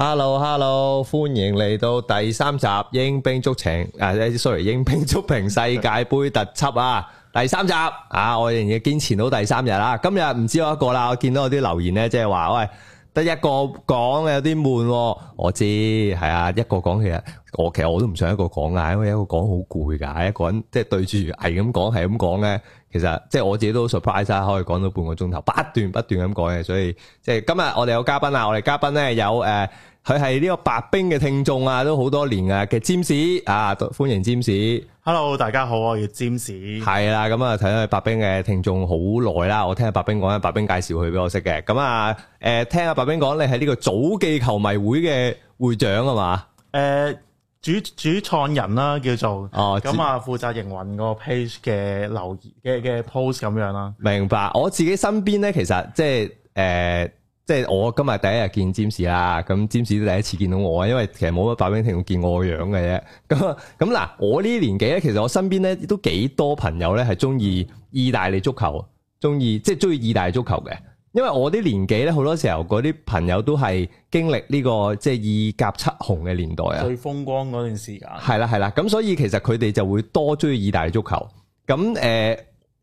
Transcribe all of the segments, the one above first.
Hello，Hello，歡迎嚟到第三集《鷹兵足情》，啊，sorry，《鷹兵足評》世界盃特輯啊，第三集啊，我仍然堅持到第三日啦。今日唔知我一個啦，我見到有啲留言咧，即係話喂，得一個講有啲悶。我知係啊，一個講其實我其實我都唔想一個講啊，因為一個講好攰噶，一個人即係對住係咁講係咁講咧，其實即係我自己都 surprise 晒，可以講到半個鐘頭，不斷不斷咁講嘅，所以即係今日我哋有嘉賓啊，我哋嘉賓咧有誒。佢係呢個白兵嘅聽眾啊，都好多年啊。嘅。實 James 啊，歡迎 James。Hello，大家好，我叫 James。係啦，咁啊睇下白兵嘅聽眾好耐啦。我聽阿白兵講，阿白兵介紹佢俾我識嘅。咁啊，誒，聽阿白兵講，你係呢個祖記球迷會嘅會長啊嘛？誒、呃，主主創人啦、啊，叫做哦，咁啊，負責營運個 page 嘅留言嘅嘅 post 咁樣啦。明白。我自己身邊咧，其實即係誒。呃即係我今日第一日見占士啦，咁占士都第一次見到我啊，因為其實冇乜白兵聽見我個樣嘅啫。咁咁嗱，我呢年紀咧，其實我身邊咧都幾多朋友咧係中意意大利足球，中意即係中意意大利足球嘅。因為我啲年紀咧好多時候嗰啲朋友都係經歷呢、呢個即係意甲七雄嘅年代啊。最風光嗰段時間。係啦係啦，咁所以其實佢哋就會多中意意大利足球。咁誒。呃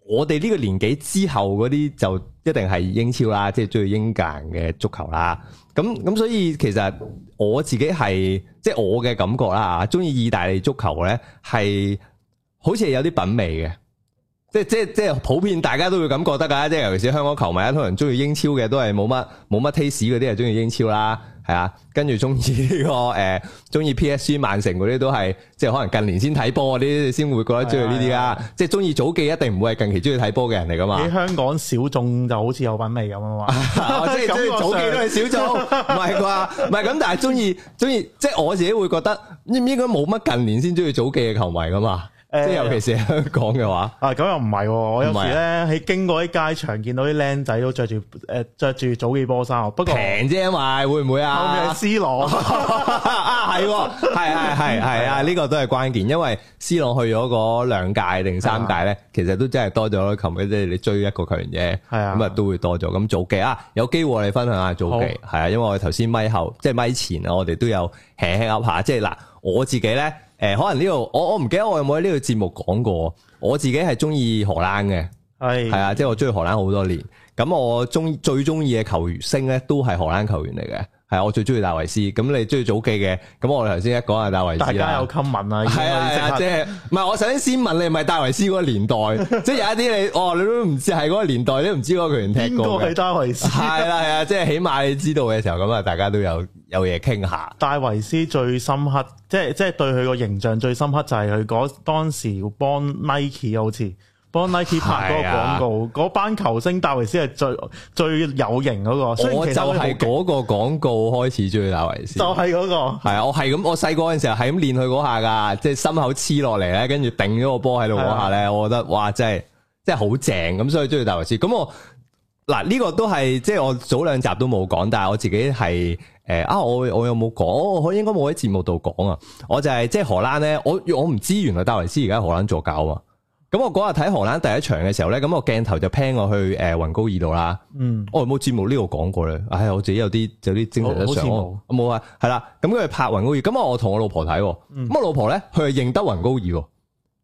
我哋呢個年紀之後嗰啲就一定係英超啦，即係中意英格蘭嘅足球啦。咁咁所以其實我自己係即係我嘅感覺啦，中意意大利足球咧係好似係有啲品味嘅。即即即係普遍大家都會咁覺得噶，即係尤其是香港球迷通常中意英超嘅都係冇乜冇乜 taste 嗰啲係中意英超啦。係啊，跟住中意呢個誒，中意 PSG、曼城嗰啲都係，即係可能近年先睇波嗰啲，先會覺得中意呢啲啊。的即係中意早記，一定唔會係近期中意睇波嘅人嚟噶嘛。喺香港小眾就好似有品味咁啊嘛，即係中意早記都係小眾，唔係啩？唔係咁，但係中意中意，即係我自己會覺得，應唔應該冇乜近年先中意早記嘅球迷噶嘛？即係尤其是香港嘅話，啊咁又唔係，我有時咧喺經過啲街場，見到啲靚仔都着住誒著住祖記波衫，不過平啫嘛，會唔會啊？我咪係 C 朗啊，係，係係係啊，呢個都係關鍵，因為 C 朗去咗嗰兩屆定三屆咧，其實都真係多咗。琴日即係你追一個球員啫，係啊，咁啊都會多咗。咁祖記啊，有機會我哋分享下祖記，係啊，因為我哋頭先咪後即係咪前啊，我哋都有輕輕噏下，即係嗱我自己咧。誒，可能呢度我我唔記得我有冇喺呢度節目講過，我自己係中意荷蘭嘅，係係啊，即係我中意荷蘭好多年。咁我中最中意嘅球員星咧，都係荷蘭球員嚟嘅，係啊，我最中意戴維斯。咁你中意祖記嘅，咁我哋頭先一講下戴維斯，大家有襟問啊，係係啊，即係唔係？我首先先問你，係咪戴維斯嗰個年代， 即係有一啲你哦，你都唔知係嗰個年代，你都唔知嗰個球員踢過係戴維斯，係啦係啊，即係起碼你知道嘅時候，咁啊，大家都有。有嘢傾下。戴維斯最深刻，即係即係對佢個形象最深刻就係佢嗰當時幫 Nike，好似幫 Nike 拍嗰個廣告，嗰、啊、班球星戴維斯係最最有型嗰個。我就係嗰個廣告開始中意戴維斯，就係嗰個。係啊，我係咁，我細個嗰陣時候係咁練佢嗰下噶，即係心口黐落嚟咧，跟住頂咗個波喺度嗰下咧，啊、我覺得哇，真係真係好正咁，所以中意戴維斯。咁我。嗱，呢個都係即係我早兩集都冇講，但係我自己係誒啊，我我有冇講？我應該冇喺節目度講啊！我就係、是、即係荷蘭咧，我我唔知原來戴維斯而家荷蘭助教啊！咁我嗰日睇荷蘭第一場嘅時候咧，咁個鏡頭就 plan 我去誒雲高爾度啦。嗯，我、哦、有冇節目呢度講過咧？唉、哎，我自己有啲有啲精神上，冇、哦、啊，係啦。咁佢拍雲高爾，咁我同我老婆睇，咁我老婆咧，佢係認得雲高爾喎。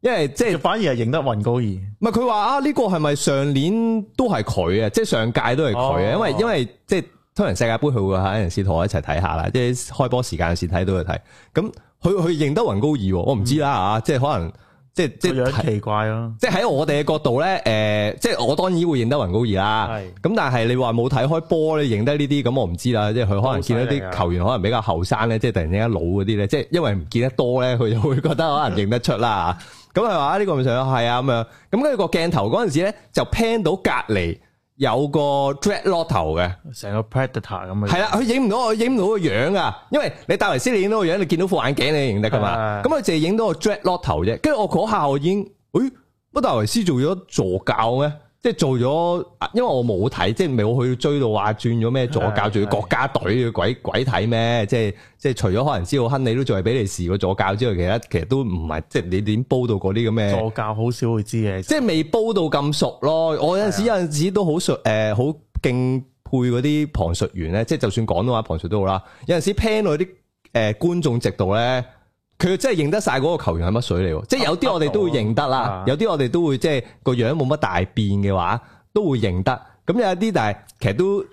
因為即係反而係認得雲高爾，唔係佢話啊，呢個係咪上年都係佢、嗯、啊？即係上屆都係佢啊？因為因為即係通常世界盃佢會啊，有陣時同我一齊睇下啦，即係開波時間時睇到就睇。咁佢佢認得雲高爾，我唔知啦啊！即係可能即係即奇怪咯。即係喺我哋嘅角度咧，誒，即係我當然會認得雲高爾啦。咁是但係你話冇睇開波咧，認得呢啲，咁我唔知啦。即係佢可能見到啲球員可能比較後生咧，即係突然之間老嗰啲咧，即係因為唔見得多咧，佢就會覺得可能認得出啦。 咁係嘛？呢個咪就係啊咁樣。咁跟住個鏡頭嗰陣時咧，就 pan 到隔籬有個 dreadlock 頭嘅，成個 predator 咁啊。係啦，佢影唔到，我影唔到個樣噶。因為你戴維斯你影到個樣，你見到副眼鏡你認得噶嘛。咁佢淨係影到個 dreadlock 頭啫。跟住我嗰下我已經，誒，乜戴維斯做咗助教咩？即係做咗，因為我冇睇，即係未去追到話轉咗咩助教，仲是的 要國家隊嘅鬼鬼睇咩？即係即係除咗可能知道亨利都做係比利時個助教之外，其他其實都唔係，即係你點煲到嗰啲咁嘅助教好少會知嘅，即係未煲到咁熟咯。是的 我有陣時有陣時都好熟，誒、呃、好敬佩嗰啲旁述員咧，即係就算講到話旁述都好啦。有陣時聽到啲誒、呃、觀眾直道咧。佢真係認得晒嗰個球員係乜水嚟喎？即係有啲我哋都會認得啦，有啲我哋都會即係個樣冇乜大變嘅話，都會認得。咁有一啲，但係其實都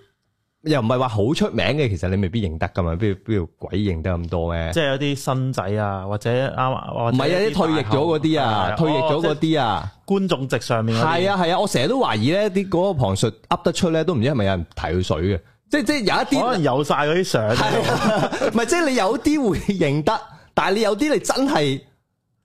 又唔係話好出名嘅，其實你未必認得㗎嘛。譬如譬如鬼認得咁多咧，即係有啲新仔啊，或者啱啊，唔係有啲退役咗嗰啲啊，退役咗嗰啲啊，觀眾席上面。係啊係啊，我成日都懷疑咧，啲嗰個旁述噏得出咧，都唔知係咪有人提佢水嘅，即即係有一啲可能有晒嗰啲相，唔係即係你有啲會認得。但係你有啲你真係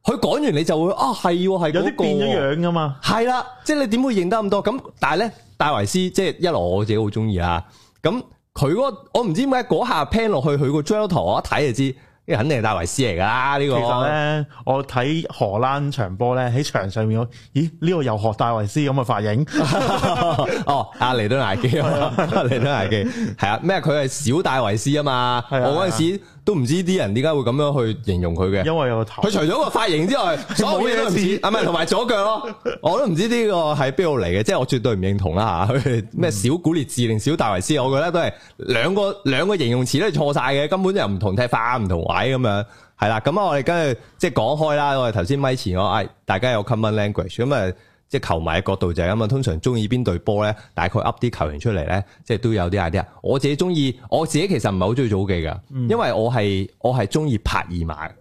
佢講完你就會啊係係嗰啲變咗樣噶嘛係啦，即係你點會認得咁多咁？但係咧，戴維斯即係一來我自己好中意啊。咁佢嗰個我唔知點解嗰下 pan 落去佢個張圖，我一睇就知，呢、呢個、肯定係戴維斯嚟噶啦。呢、呢個其實咧，我睇荷蘭場波咧喺場上面，咦呢個又學戴維斯咁嘅髮型？ 哦，阿彌敦亞基，阿彌敦亞基，係啊？咩佢係小戴維斯啊嘛？我嗰陣時。都唔知啲人點解會咁樣去形容佢嘅，因為有個頭。佢除咗個髮型之外，小冇列斯啊，係咪？同埋左腳咯， 我都唔知呢個喺邊度嚟嘅，即係我絕對唔認同啦嚇。佢、啊、咩小古列治定小大維斯，我覺得都係兩個兩個形容詞都係錯晒嘅，根本就唔同踢法，唔同位咁樣係啦。咁啊，我哋跟住即係講開啦。我哋頭先咪前我嗌大家有 common language 咁啊。即係球迷嘅角度就係咁啊，通常中意邊隊波咧，大概噏啲球員出嚟咧，即係都有啲 idea。我自己中意，我自己其實唔係好中意祖記嘅，因為我係我係中意帕爾馬。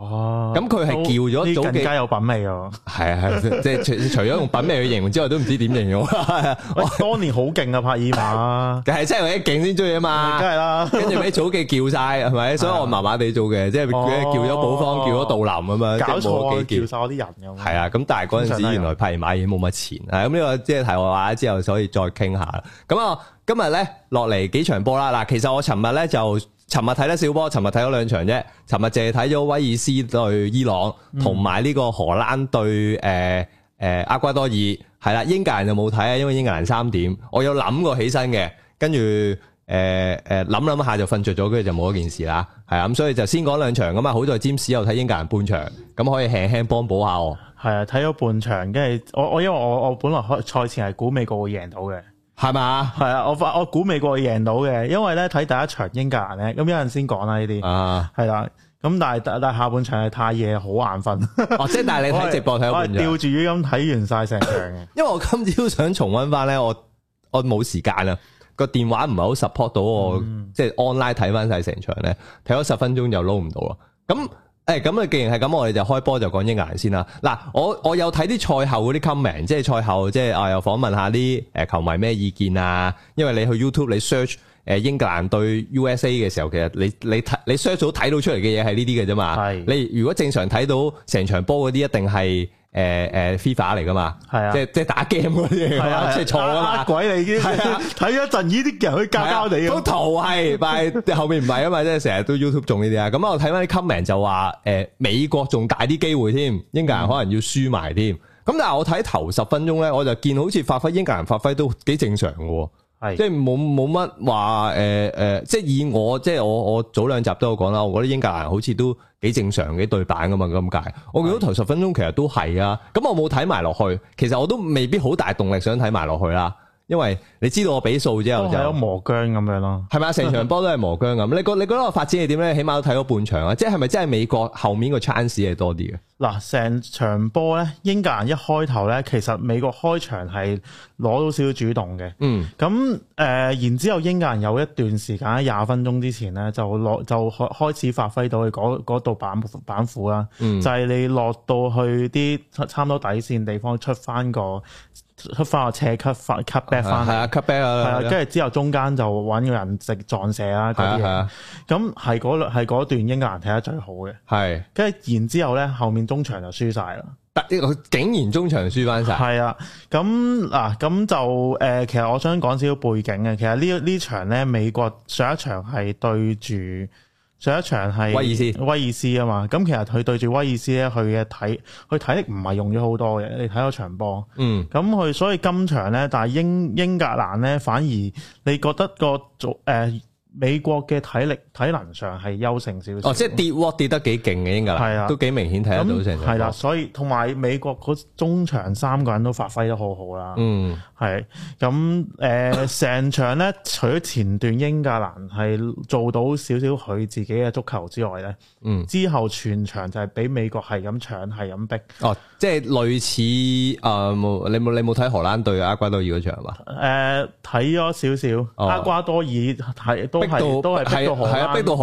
哦，咁佢係叫咗早記，更加有品味哦。 。係啊係，即係除除咗用品味去形容之外，都唔知點形容。 當年好勁啊，拍爾瑪，但係 真係為咗勁先追啊嘛，梗係啦。 跟住俾早記叫晒，係咪？的所以我麻麻地做嘅，哦、即係叫咗寶方，叫咗杜林啊嘛。搞錯，叫晒啲人咁。係啊，咁但係嗰陣時原來拍爾瑪已經冇乜錢。係咁呢個，即係題外話之後，所以再傾下。咁啊，今日咧落嚟幾場波啦。嗱，其實我尋日咧就。尋日睇得少波，尋日睇咗兩場啫。尋日淨係睇咗威爾斯對伊朗，同埋呢個荷蘭對誒誒、呃呃、厄瓜多爾，係啦。英格蘭就冇睇啊，因為英格蘭三點。我有諗過起身嘅，跟住誒誒諗諗下就瞓着咗，跟住就冇一件事啦。係啊，咁所以就先講兩場咁啊。好在占士又睇英格蘭半場，咁可以輕輕幫補下喎。係啊，睇咗半場，跟住我我因為我我本來開賽前係估美國會贏到嘅。係嘛？係啊，我我估美國贏到嘅，因為咧睇第一場英格蘭咧，咁有陣先講啦呢啲，係啦、啊，咁但係但係下半場係太夜，好眼瞓。哦，即係但係你睇直播睇咗吊住語咁睇完晒成場嘅。 因為我今朝想重温翻咧，我我冇時間啦，個電話唔係好 support 到我，嗯、即係 online 睇翻晒成場咧，睇咗十分鐘就 load 唔到啦，咁。誒咁啊！既然係咁，我哋就開波就講英格蘭先啦。嗱，我我有睇啲賽後嗰啲 comment，即係賽後即係我、啊、又訪問下啲誒、呃、球迷咩意見啊。因為你去 YouTube 你 search 誒英格蘭對 USA 嘅時候，其實你你睇你 search 到睇到出嚟嘅嘢係呢啲嘅啫嘛。係是你如果正常睇到成場波嗰啲，一定係。誒誒、呃呃、FIFA 嚟噶嘛？係啊，即係即係打 game 嗰啲，係啊，即係錯啦。嘛啊、鬼你已經，睇咗陣呢啲人去教教你、啊。都頭係， 但係後面唔係啊嘛，即係成日都 YouTube 中呢啲啊。咁、嗯、啊，我睇翻啲 comment 就話，誒、呃，美國仲大啲機會添，英格蘭可能要輸埋添。咁、嗯、但係我睇頭十分鐘咧，我就見好似發揮英格蘭發揮都幾正常嘅，係是的、呃，即係冇冇乜話，誒誒，即係以我即係我我，我，我，我早兩集都有講啦，我覺得英格蘭好似都。都幾正常嘅對版㗎嘛？咁解，我見到頭十分鐘其實都係啊，咁我冇睇埋落去，其實我都未必好大動力想睇埋落去啦。因為你知道我俾數之後就磨薑咁樣咯，係咪啊？成場波都係磨薑咁。你覺 你覺得我發展係點咧？起碼都睇到半場啊。即係咪即係美國後面個 chance 係多啲嘅？嗱，成場波咧，英格蘭一開頭咧，其實美國開場係攞到少少主動嘅。嗯。咁誒、呃，然後之後英格蘭有一段時間喺廿分鐘之前咧，就落就開開始發揮到去嗰度板板斧啦。嗯、就係你落到去啲差差唔多底線地方出翻個。出翻個車，cut 翻，cut back 翻，係啊，cut back 啊，係啊，跟住、啊啊、之後中間就揾個人直撞射啦，咁樣、啊，咁係嗰係段英格蘭睇得最好嘅，係、啊，跟住然之後咧，後面中場就輸晒啦，但係佢竟然中場輸翻晒，係啊，咁嗱，咁就誒、呃，其實我想講少少背景嘅，其實場呢呢場咧，美國上一場係對住。上一場係威爾斯，威爾斯啊嘛，咁其實佢對住威爾斯咧，佢嘅體，佢體力唔係用咗好多嘅，你睇嗰場波，嗯，咁佢所以今場咧，但係英英格蘭咧反而，你覺得個做誒、呃美國嘅體力體能上係優勝少少。哦，即係跌跌得幾勁嘅英格蘭，係啊的，都幾明顯睇得到成。係啦，所以同埋美國中場三個人都發揮得好好啦、嗯。嗯，係咁誒，成場咧，除咗前段英格蘭係做到少少佢自己嘅足球之外咧，嗯，之後全場就係俾美國係咁搶係咁逼。哦，即係類似誒、呃，你冇你冇睇荷蘭隊阿瓜多爾嗰場嘛？誒、呃，睇咗少少，阿瓜多爾係都。逼到，是逼到荷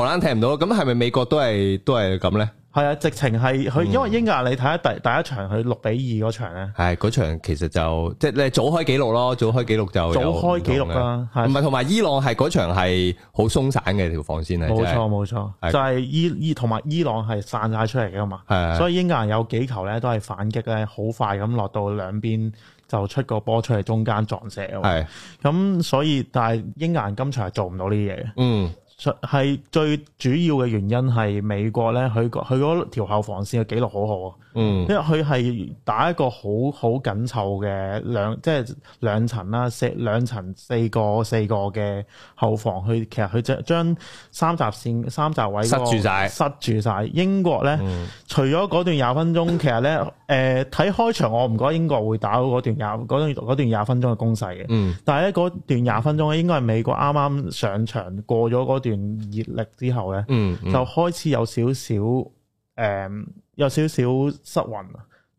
蘭踢唔到，咁係咪美國都係都係咁呢？係啊，直情係佢，因為英格蘭你睇下第第一場佢六比二嗰場呢，係嗰、嗯、場其實就即係你早開紀錄咯，早開紀錄就早開紀錄啦，唔係同埋伊朗係嗰場係好鬆散嘅條防線嚟。冇錯冇錯，錯的就係伊伊同埋伊朗係散晒出嚟嘅嘛，的所以英格蘭有幾球呢都係反擊呢，好快咁落到兩邊。就出個波出嚟中間撞射喎。係咁是所以但係英格蘭今場係做唔到呢啲嘢嘅。嗯，係最主要嘅原因係美國咧，佢佢嗰條後防線嘅記錄好好啊。嗯，因為佢係打一個好好緊湊嘅兩即係、就是、兩層啦，四兩層四個四個嘅後防去，其實佢將將三閘線三閘位、那個、塞住晒。塞住曬。英國咧，嗯、除咗嗰段廿分鐘，其實咧，誒、呃、睇開場，我唔覺得英國會打到嗰段廿段廿分鐘嘅攻勢嘅。嗯，但係咧嗰段廿分鐘咧，應該係美國啱啱上場過咗嗰段熱力之後咧、嗯，嗯，就開始有少少誒。嗯有少少失魂，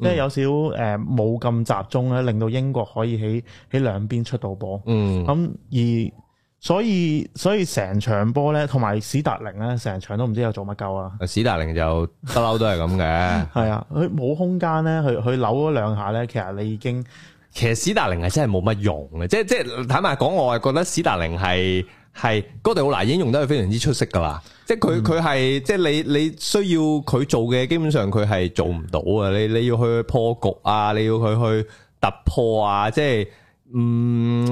即係有少誒冇咁集中咧，令到英國可以喺喺兩邊出到波。嗯，嗯，咁而所以所以成場波咧，同埋史達寧咧，成場都唔知有做乜鳩啊！史達寧就不嬲都係咁嘅，係 啊，佢冇空間咧，佢佢扭咗兩下咧，其實你已經其實史達寧係真係冇乜用嘅，即係即係坦白講，我係覺得史達寧係。係哥迪奧拿已經用得係非常之出色噶啦，即係佢佢係即係你你需要佢做嘅，基本上佢係做唔到啊！你你要去破局啊，你要佢去突破啊，即係唔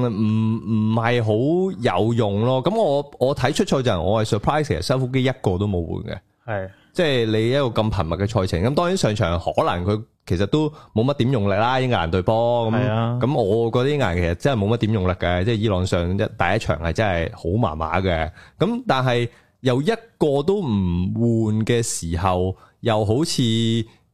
唔唔係好有用咯。咁我我睇出賽就係我係 surprise，修夫基一個都冇換嘅。係。即係你一個咁頻密嘅賽程，咁當然上場可能佢其實都冇乜點用力啦，英格蘭對波咁。咁是、啊、我覺得英格蘭其實真係冇乜點用力嘅，即係伊朗上一第一場係真係好麻麻嘅。咁但係又一個都唔換嘅時候，又好似。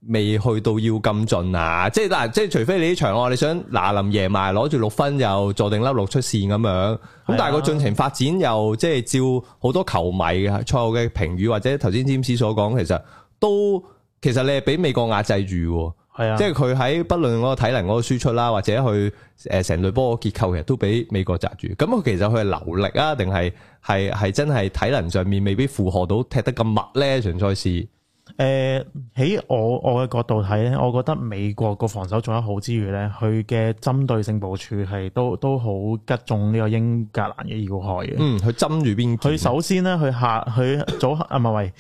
未去到要咁盡啊！即係嗱，即係除非你啲場話你想嗱臨贏埋攞住六分，又坐定粒六出線咁樣。咁但係個進程發展又即係照好多球迷嘅賽後嘅評語，或者頭先詹士所講，其實都其實你係俾美國壓制住喎。是啊，即係佢喺不論嗰個體能嗰個輸出啦，或者去誒成隊波結構其實都俾美國窒住。咁啊，其實佢係留力啊，定係係係真係體能上面未必負荷到踢得咁密呢場賽事？誒，喺、呃、我我嘅角度睇咧，我覺得美國個防守做得好之餘咧，佢嘅針對性部署係都都好擊中呢個英格蘭嘅要害嘅。嗯，佢針住邊？佢首先咧，佢下佢左啊唔係喂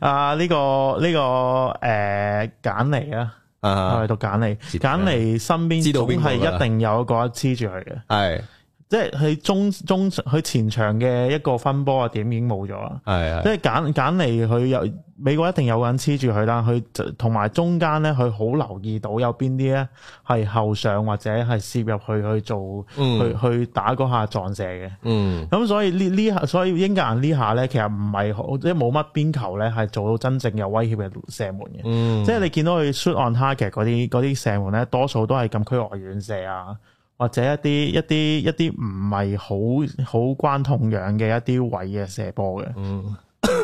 啊呢個呢個誒簡尼啊，係咪讀簡尼？簡尼身邊總係一定有一個黐住佢嘅，係。即係佢中中佢前場嘅一個分波啊點已經冇咗啦，係啊的，即係揀揀嚟佢有美國一定有個人黐住佢啦，佢同埋中間咧佢好留意到有邊啲咧係後上或者係攝入去去做、嗯、去去打嗰下撞射嘅，嗯，咁所以呢呢下所以英格蘭呢下咧其實唔係好即係冇乜邊球咧係做到真正有威脅嘅射門嘅，嗯，即係你見到佢 shoot on target 嗰啲啲射門咧多數都係禁區外遠射啊。或者一啲一啲一啲唔係好好關痛癢嘅一啲位嘅射波嘅。嗯。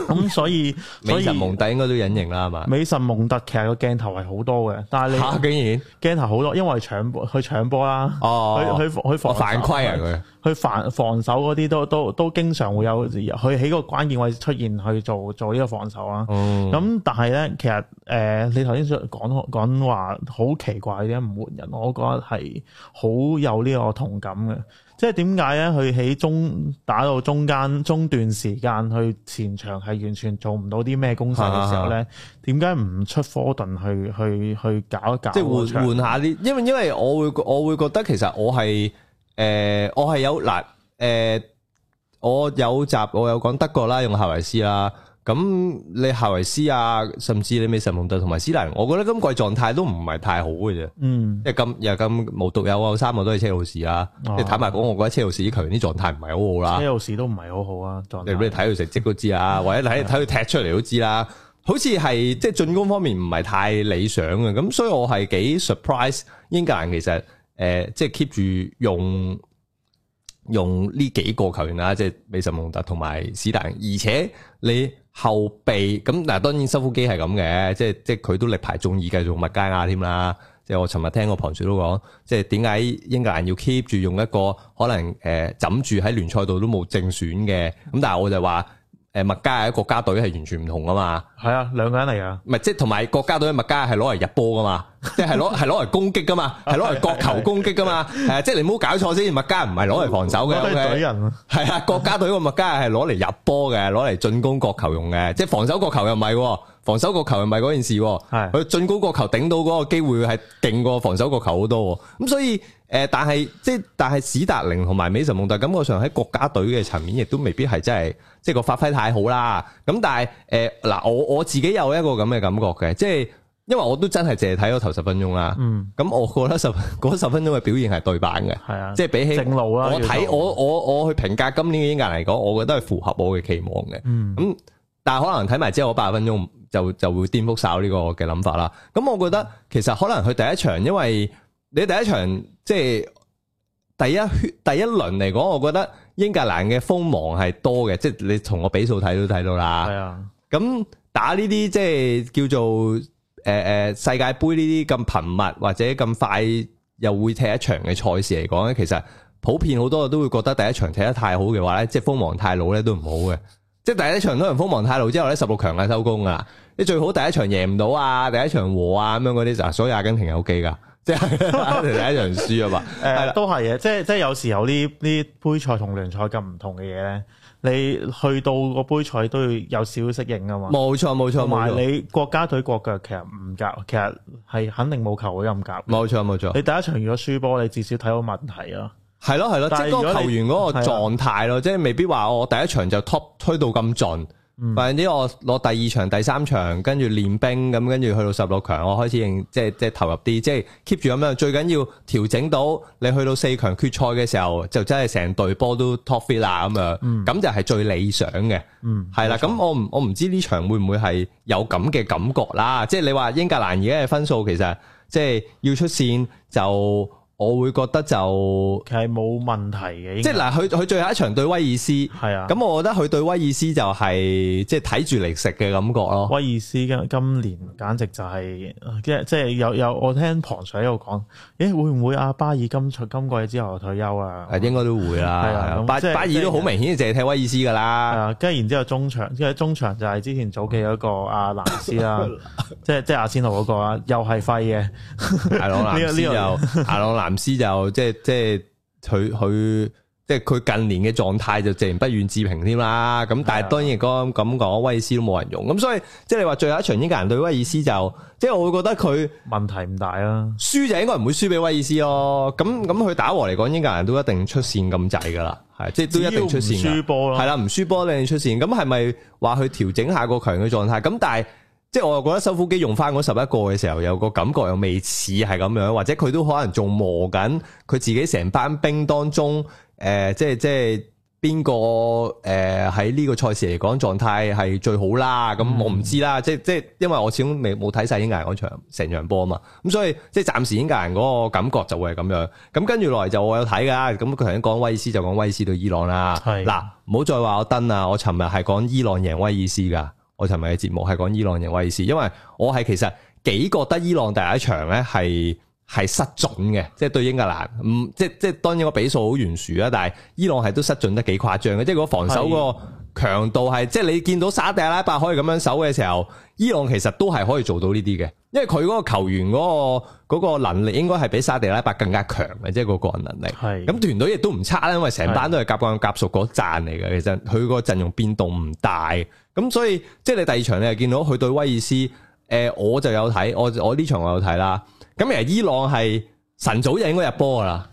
咁所以美神蒙特應該都隱形啦，係嘛？美神蒙特其實個鏡頭係好多嘅，但係吓、啊、竟然鏡頭好多，因為搶波去搶波啦，哦，哦，去去防犯規啊，佢去防防守嗰啲，都都都經常會有，佢喺個關鍵位置出現去做做呢個防守啊。咁、嗯、但係咧，其實誒、呃，你頭先講講話好奇怪嘅，唔換人，我覺得係好有呢個同感嘅。即係點解咧？佢喺中打到中間中段時間，去前場係完全做唔到啲咩攻勢嘅時候咧？點解唔出科頓去去去搞一搞？即係換換下啲，因為因為我會我會覺得其實我係誒我係有嗱誒，我有集我有講德國啦，用夏維斯啦。咁你夏維斯啊，甚至你美臣蒙特同埋斯蘭，我覺得今季狀態都唔係太好嘅啫。嗯，即係咁又咁冇獨有啊，三個都係車路士啊。即、哦、坦白埋講，我覺得車路士球員啲狀態唔係好好啦。車路士都唔係好好啊，你俾人睇佢成績都知啊，或者睇睇佢踢出嚟都知啦。 好似係即係進攻方面唔係太理想嘅。咁所以我係幾 surprise，英格蘭其實誒、呃、即係 keep 住用。用呢幾個球員啦，即係美臣蒙特同埋史達，而且你後備咁，嗱，當然修夫基係咁嘅，即係即係佢都力排眾議繼續麥加亞添啦。即係我尋日聽個旁述都講，即係點解英格蘭要 keep 住用一個可能誒枕、呃、住喺聯賽度都冇正選嘅，咁但係我就話。誒，麥加係國家隊係完全唔同噶嘛？係啊，兩個人嚟噶。唔係即係同埋國家隊嘅麥加係攞嚟入波噶嘛？即係攞係攞嚟攻擊噶嘛？係攞嚟角球攻擊噶嘛？係啊，即係你唔好搞錯先，麥加唔係攞嚟防守嘅，係啊，國家隊個麥加係攞嚟入波嘅，攞嚟進攻角球用嘅，即係防守角球又唔係。防守個球又唔係嗰件事，啊，佢進攻個球頂到嗰個機會係勁過防守個球好多，啊，咁所以誒、呃，但係即係但係史達寧同埋美神蒙特感覺上喺國家隊嘅層面亦都未必係真係即係個發揮太好啦。咁但係誒嗱，我我自己有一個咁嘅感覺嘅，即係因為我都真係淨係睇咗頭十分鐘啦。嗯，咁我覺得十嗰十分鐘嘅表現係對版嘅，係的啊，即係比起正路啦。我睇我我我去評價今年嘅英格蘭嚟講，我覺得係符合我嘅期望嘅。嗯，咁但係可能睇埋之後八十分鐘。就就會顛覆曬呢個嘅諗法啦。咁我覺得其實可能佢第一場，因為你第一場即係第一第一輪嚟講，我覺得英格蘭嘅鋒芒係多嘅，即係你同我比數睇都睇到啦。係啊的，咁打呢啲即係叫做誒誒、呃、世界盃呢啲咁頻密或者咁快又會踢一場嘅賽事嚟講咧，其實普遍好多都會覺得第一場踢得太好嘅話咧，即係鋒芒太老咧都唔好嘅。即係第一場都人鋒芒太露之後咧，十六強係收工㗎啦！你最好第一場贏唔到啊，第一場和啊咁樣嗰啲就，所以阿根廷有機㗎， 即係第一場輸啊嘛。誒、 呃，都係嘅，即係即係有時候呢呢杯賽同聯賽咁唔同嘅嘢，咧你去到個杯賽都要有少少適應啊嘛。冇錯冇錯，同埋你國家隊國腳其實唔夾，其實係肯定冇球會咁夾。冇錯冇錯，錯你第一場如果輸波，你至少睇到問題囉。係咯，係咯，即係球員嗰個狀態咯，的即係未必話我第一場就 top 推到咁盡，嗯、或者我落第二場、第三場，跟住練兵咁，跟住去到十六強，我開始認即係即係投入啲，即係 keep 住咁樣。最緊要調整到你去到四強決賽嘅時候，就真係成隊波都 top fit 啦，咁樣，咁就係最理想嘅。係啦，咁我唔我唔知呢場會唔會係有咁嘅感覺啦。即係你話英格蘭而家嘅分數，其實即係要出線就。我會覺得就其實冇問題嘅，即係嗱，佢佢最後一場對威爾斯，係啊，咁我覺得佢對威爾斯就係即係睇住嚟食嘅感覺咯。威爾斯今今年簡直就係即係即係有有我聽龐 sir 喺度講，誒會唔會阿、啊、巴爾今場今季之後退休啊？誒應該都會啦，係巴巴爾都好明顯淨係踢威爾斯噶啦，跟住、啊，然之後中場即係中場就係之前早期嗰個阿、啊、蘭斯啦、啊， 即係即係阿仙奴嗰個啊，又係廢嘅，阿羅呢斯又阿羅藍斯就即係即係佢佢即係佢近年嘅狀態就仍然不願置評添啦，咁但係當然嗰咁講威爾斯都冇人用，咁所以即係你話最後一場英格蘭對威爾斯就即係我會覺得佢問題唔大啦。輸就應該唔會輸俾威爾斯咯，咁咁佢打和嚟講英格蘭都一定出線咁滯噶啦，係即係都一定出線噶，係啦唔輸波一定出線，咁係咪話去調整下個強嘅狀態？咁但係。即係我又覺得修夫基用翻嗰十一個嘅時候，有個感覺又未似係咁樣，或者佢都可能仲磨緊佢自己成班兵當中，誒、呃，即係即係邊個誒喺呢個賽事嚟講狀態係最好啦。咁我唔知啦，嗯、即係即係因為我始終未冇睇晒英格蘭嗰場成場波啊嘛，咁所以即係暫時英格蘭嗰個感覺就會係咁樣。咁跟住落嚟，就我有睇噶，咁佢頭先講威斯就講威斯對伊朗啦。係嗱的，唔好再話我登啊！我尋日係講伊朗贏威斯噶。我尋日嘅節目係講伊朗贏威爾斯，因為我係其實幾覺得伊朗第一場咧係係失準嘅，即係對英格蘭，唔、嗯、即即係當然個比數好懸殊啊，但係伊朗係都失準得幾誇張嘅，即係個防守個強度係即係你見到沙特阿拉伯可以咁樣守嘅時候，伊朗其實都係可以做到呢啲嘅，因為佢嗰個球員嗰、嗰個、嗰個能力應該係比沙特阿拉伯更加強嘅，即係個個人能力。係咁團隊亦都唔差啦，因為成班都係夾慣夾熟嗰陣嚟嘅，是的 其實佢個陣容變動唔大，咁所以即係你第二場你又見到佢對威爾斯，誒、呃、我就有睇，我我呢場我有睇啦。咁其實伊朗係晨早就應該入波㗎啦。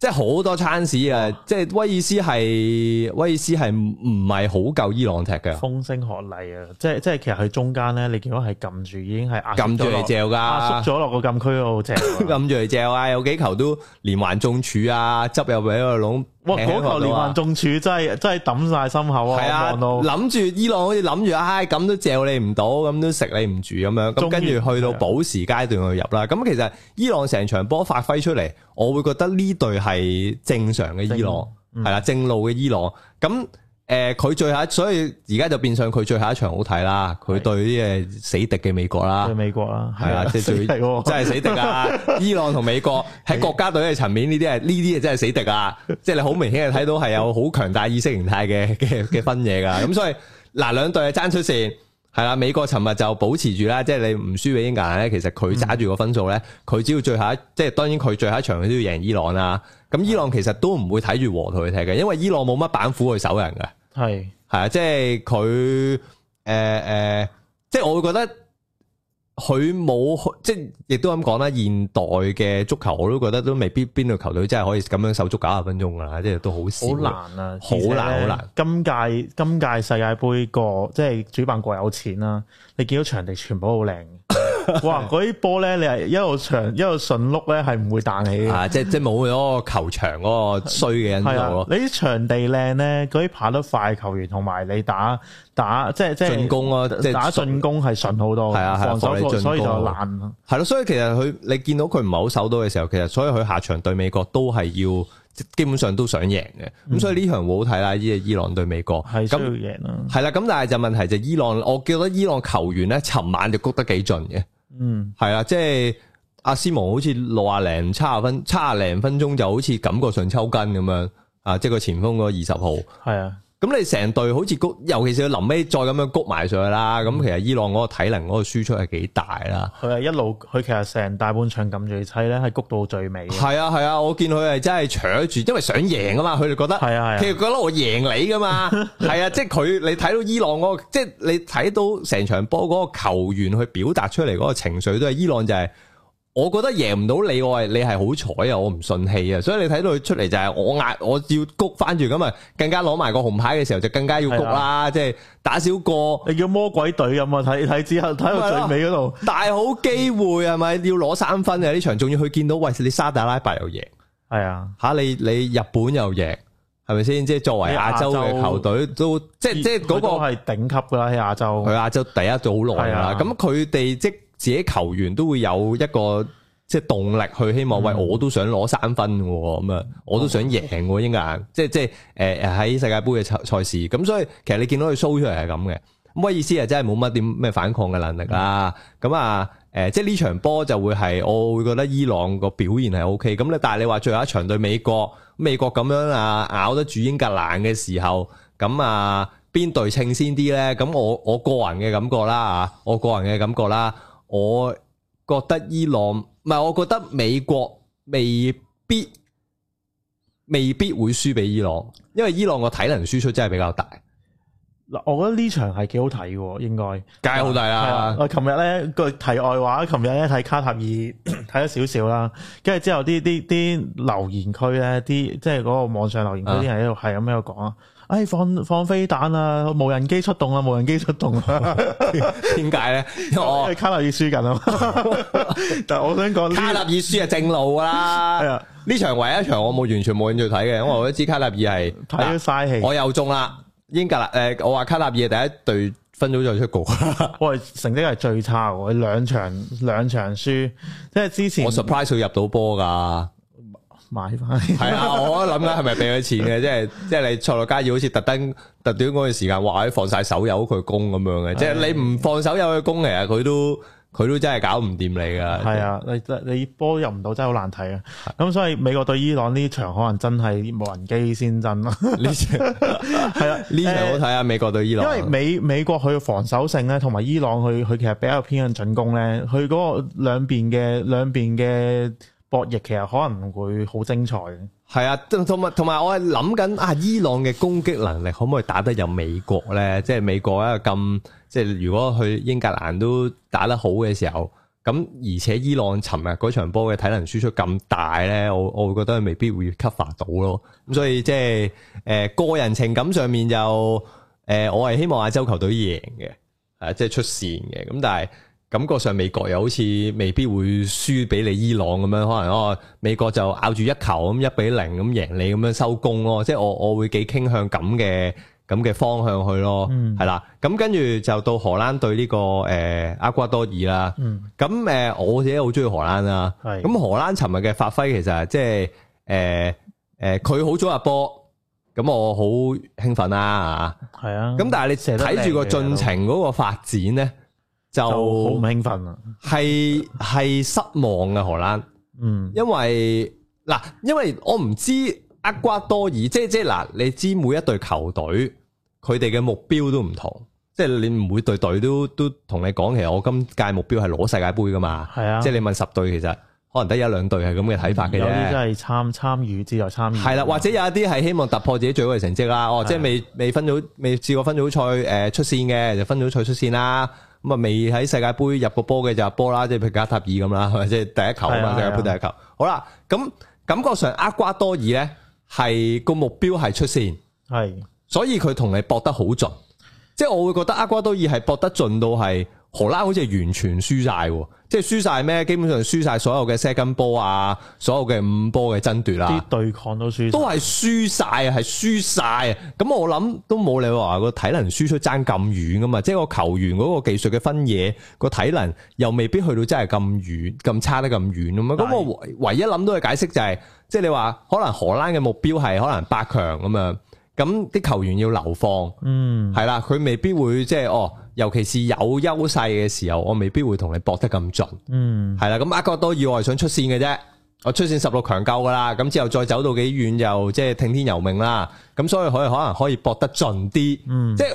即係好多餐市啊！哦、即係威爾斯係威爾斯係唔係好夠伊朗踢嘅？風聲鶴唳啊！即係即係其實佢中間咧，你見到係撳住已經係壓撳住嚟嚼㗎，縮咗落個禁區嗰度掟，撳住嚟嚼啊！ 有幾球都連環中柱啊，執入俾個窿。哇！嗰的球連環中柱真係、啊、真係抌曬心口啊！係啊的，諗住伊朗好似諗住，唉，咁都掟你唔到，咁都食你唔住咁樣，咁跟住去到補時階段的去入啦。咁其實伊朗成場波發揮出嚟，我會覺得呢隊係正常嘅伊朗，係啦、嗯，正路嘅伊朗咁。誒，佢、呃、最後，所以而家就變相佢最後一場好睇啦。佢對啲誒死敵嘅美國啦，對美國啦，係 啦，即係最真係死敵啦。伊朗同美國喺國家隊嘅層面呢啲係呢啲啊真係死敵啊！即係你好明顯係睇到係有好強大意識形態嘅嘅嘅分野噶。咁所以嗱，兩隊啊爭出線係啦、啊。美國尋日就保持住啦，即、就、係、是、你唔輸俾英格蘭咧，其實佢揸住個分數咧，佢、嗯、只要最後一，即、就、係、是、當然佢最後一場佢都要贏伊朗啦。咁伊朗其實都唔會睇住和圖去踢嘅，因為伊朗冇乜板斧去守人噶。係係啊，即係佢誒誒，即係我會覺得佢冇即係，亦都咁講啦。現代嘅足球，我都覺得都未必邊度球隊真係可以咁樣守足九十分鐘噶啦，即係都好少，好難啊，好難好難。而且，好難好難。今屆今屆世界盃個即係主辦國有錢啦，你見到場地全部好靚。 哇！嗰啲波咧，你係一路長一路順碌咧，係唔會彈起嘅。啊，即係即係冇嗰個球場嗰個衰嘅因素咯。你啲場地靚咧，嗰啲跑得快球員同埋你打打即係即係進攻啊，即係打進攻係順好多。係啊、嗯嗯嗯，防守所以就難。係咯，所以其實佢你見到佢唔係好守到嘅時候，其實所以佢下場對美國都係要。基本上都想贏嘅，咁、嗯、所以呢場好好睇啦，依隻伊朗對美國係需要贏啦，係啦那，咁但係就問題就伊朗，我覺得伊朗球員咧尋晚就谷得幾盡嘅，嗯，係啦，即係阿、啊、斯蒙好似六啊零七啊分七啊零分鐘就好似感覺上抽筋咁樣，啊，即係個前鋒個二十號，係啊。咁你成隊好似谷，尤其是佢臨尾再咁樣谷埋上去啦。咁其實伊朗嗰個體能嗰個輸出係幾大啦。佢係一路，佢其實成大半場撳住砌咧，係谷到最尾。係啊係啊，我見佢係真係扯住，因為想贏啊嘛。佢哋覺得係啊係，佢哋、啊、覺得我贏你噶嘛。係 啊，即係佢你睇到伊朗嗰、那個，即係你睇到成場波嗰個球員去表達出嚟嗰個情緒，都係伊朗就係、是。我覺得贏唔到你，我係你係好彩啊！我唔順氣啊，所以你睇到佢出嚟就係我嗌，我要谷翻住咁啊，更加攞埋個紅牌嘅時候就更加要谷啦，的即係打少個。你叫魔鬼隊啊嘛？睇睇之後睇到最尾嗰度，裡大好機會係咪要攞三分啊？呢場仲要去見到，喂，你沙特阿拉伯又贏，係的啊吓你你日本又贏，係咪先？即係作為亞洲嘅球隊，即即嗰個，都即即嗰個係頂級噶啦，喺亞洲，佢亞洲第一咗好耐啦。咁佢哋即。自己球員都會有一個即係動力去希望，嗯、喂，我都想攞三分嘅咁啊，嗯、我都想贏英格蘭，嗯、即係即係誒喺世界盃嘅賽事。咁所以其實你見到佢 show 出嚟係咁嘅，咁嘅意思係真係冇乜點咩反抗嘅能力啊。咁啊誒，即係呢場波就會係我會覺得伊朗個表現係 OK。咁咧，但係你話最後一場對美國，美國咁樣啊咬得住英格蘭嘅時候，咁啊邊隊勝先啲咧？咁我我個人嘅感覺啦啊，我個人嘅感覺啦。我覺得伊朗唔係，我覺得美國未必未必會輸俾伊朗，因為伊朗個體能輸出真係比較大。嗱，我覺得呢場係幾好睇嘅，應該。梗係好睇啦，啊！我琴日咧句題外話，琴日咧睇卡塔爾睇咗少少啦，跟住 之後啲啲啲留言區咧，啲即係嗰個網上留言區啲人喺度係咁喺度講啊。哎，放放飛彈啊！無人機出動啊！無人機出動啊，點解咧？因為卡納爾輸緊啊！但係我想講，卡納爾輸係正路啦。呢場唯一場我冇完全冇興趣睇嘅，因為我知卡納爾係睇咗嘥氣。我又中啦，英格蘭。誒，我話卡納爾第一隊分組再出局，我係 成績係最差，我兩場兩場輸，即係之前我 surprise 佢入到波噶。買翻係啊！ 我諗緊係咪俾佢錢嘅？即係即係你賽落加爾好似特登特短嗰段時間，哇！放晒手有佢攻咁樣嘅，嗯、即係你唔放手有佢攻其啊！佢都佢都真係搞唔掂你噶。係啊，你你，你波入唔到真係好難睇啊。咁所以美國對伊朗呢場可能真係冇人機先真咯。呢場係啊，呢場好睇啊！美國對伊朗，因為美美國佢嘅防守性咧，同埋伊朗佢佢其實比較偏向進攻咧，佢嗰個兩邊嘅兩邊嘅。博弈其實可能會好精彩嘅，係啊，同埋同埋我係諗緊阿伊朗嘅攻擊能力可唔可以打得入美國呢？即係美國喺度咁，即係如果去英格蘭都打得好嘅時候，咁而且伊朗尋日嗰場波嘅體能輸出咁大呢，我我會覺得佢未必會 cover 到咯。咁所以即係誒個人情感上面就誒、呃、我係希望亞洲球隊贏嘅，誒、啊、即係出線嘅。咁但係。感覺上美國又好似未必會輸俾你伊朗咁樣，可能哦，美國就咬住一球咁一比零咁贏你咁樣收工咯，即係我我會幾傾向咁嘅咁嘅方向去咯，係啦、嗯。咁跟住就到荷蘭對呢、呢個誒厄、呃、瓜多爾啦。咁誒、嗯呃，我自己好中意荷蘭啦、啊。咁的荷蘭尋日嘅發揮其實即係誒誒，佢好早入波，咁我好興奮啦。係啊。咁的但係你睇住個進程嗰個發展咧？就好唔興奮啦，係係失望嘅荷蘭，嗯，因為嗱，因為我唔知厄瓜多爾，即係即係嗱，你知每一隊球隊佢哋嘅目標都唔同，即係你唔每隊隊都都同你講，其實我今屆目標係攞世界杯噶嘛，係是啊，即係你問十隊，其實可能得一兩隊係咁嘅睇法嘅，有啲真係參參與，志在參與，係啦，或者有一啲係希望突破自己最好嘅成績啦，是啊、哦，即係未未分組未試過分組賽誒出線嘅，就分組賽出線啦。咁啊，未喺世界杯入過波嘅就係波啦，即係譬如卡塔爾咁啦，係咪即係第一球啊？世界杯第一球，一球的好啦，咁感覺上厄瓜多爾咧係個目標係出線，係的，所以佢同你搏得好盡，即係我會覺得厄瓜多爾係搏得盡到係荷蘭好似係完全輸晒。即係輸晒咩？基本上輸晒所有嘅射根波啊，所有嘅五波嘅爭奪啦，啲對抗都輸，都係輸晒，啊，係輸晒。啊。咁我諗都冇理由話個體能輸出爭咁遠噶嘛。即係個球員嗰個技術嘅分野，個體能又未必去到真係咁遠，咁差得咁遠咁。咁是我唯唯一諗到嘅解釋就係、是，即係你話可能荷蘭嘅目標係可能八強咁樣，咁啲球員要流放，嗯，係啦，佢未必會即係哦。尤其是有優勢嘅時候，我未必會同你搏得咁盡。嗯，係啦，咁厄瓜多爾意外想出線嘅啫，我出線十六強夠噶啦。咁之後再走到幾遠，又即係聽天由命啦。咁所以可以可能可以搏得盡啲。嗯，即係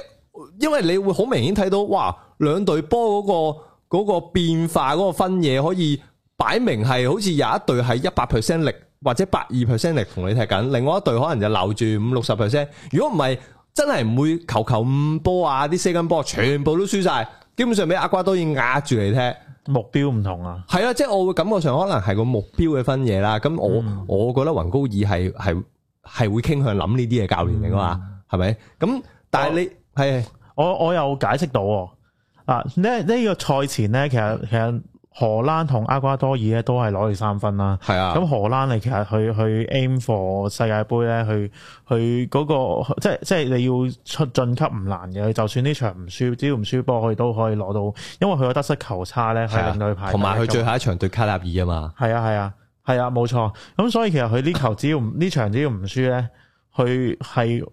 因為你會好明顯睇到，哇，兩隊波嗰個嗰個變化嗰個分野，可以擺明係好似有一隊係一百 percent 力，或者百二 percent 力同你踢緊，另外一隊可能就留住五六十 percent。如果唔係，真係唔會球球五波啊！啲四根波全部都輸晒，基本上俾阿瓜多爾壓住嚟踢，目標唔同啊！係啊，即係我會感覺上可能係個目標嘅分野啦。咁我我覺得雲高爾係係係會傾向諗呢啲嘅教練嚟噶嘛？係咪、嗯？咁但係你係我是我有解釋到啊呢呢個賽前呢，其實其實。荷蘭同阿瓜多爾咧都係攞你三分啦，係啊。咁荷蘭你其實去去 aim for 世界盃咧，去去嗰個即係即係你要出晉級唔難嘅，就算呢場唔輸，只要唔輸波，佢都可以攞到，因為佢有得失球差咧係、啊、令到佢排同埋佢最後一場對卡納爾啊嘛。係啊係啊係啊，冇錯、啊。咁、啊啊、所以其實佢呢球只要呢 場只要唔輸咧，佢係。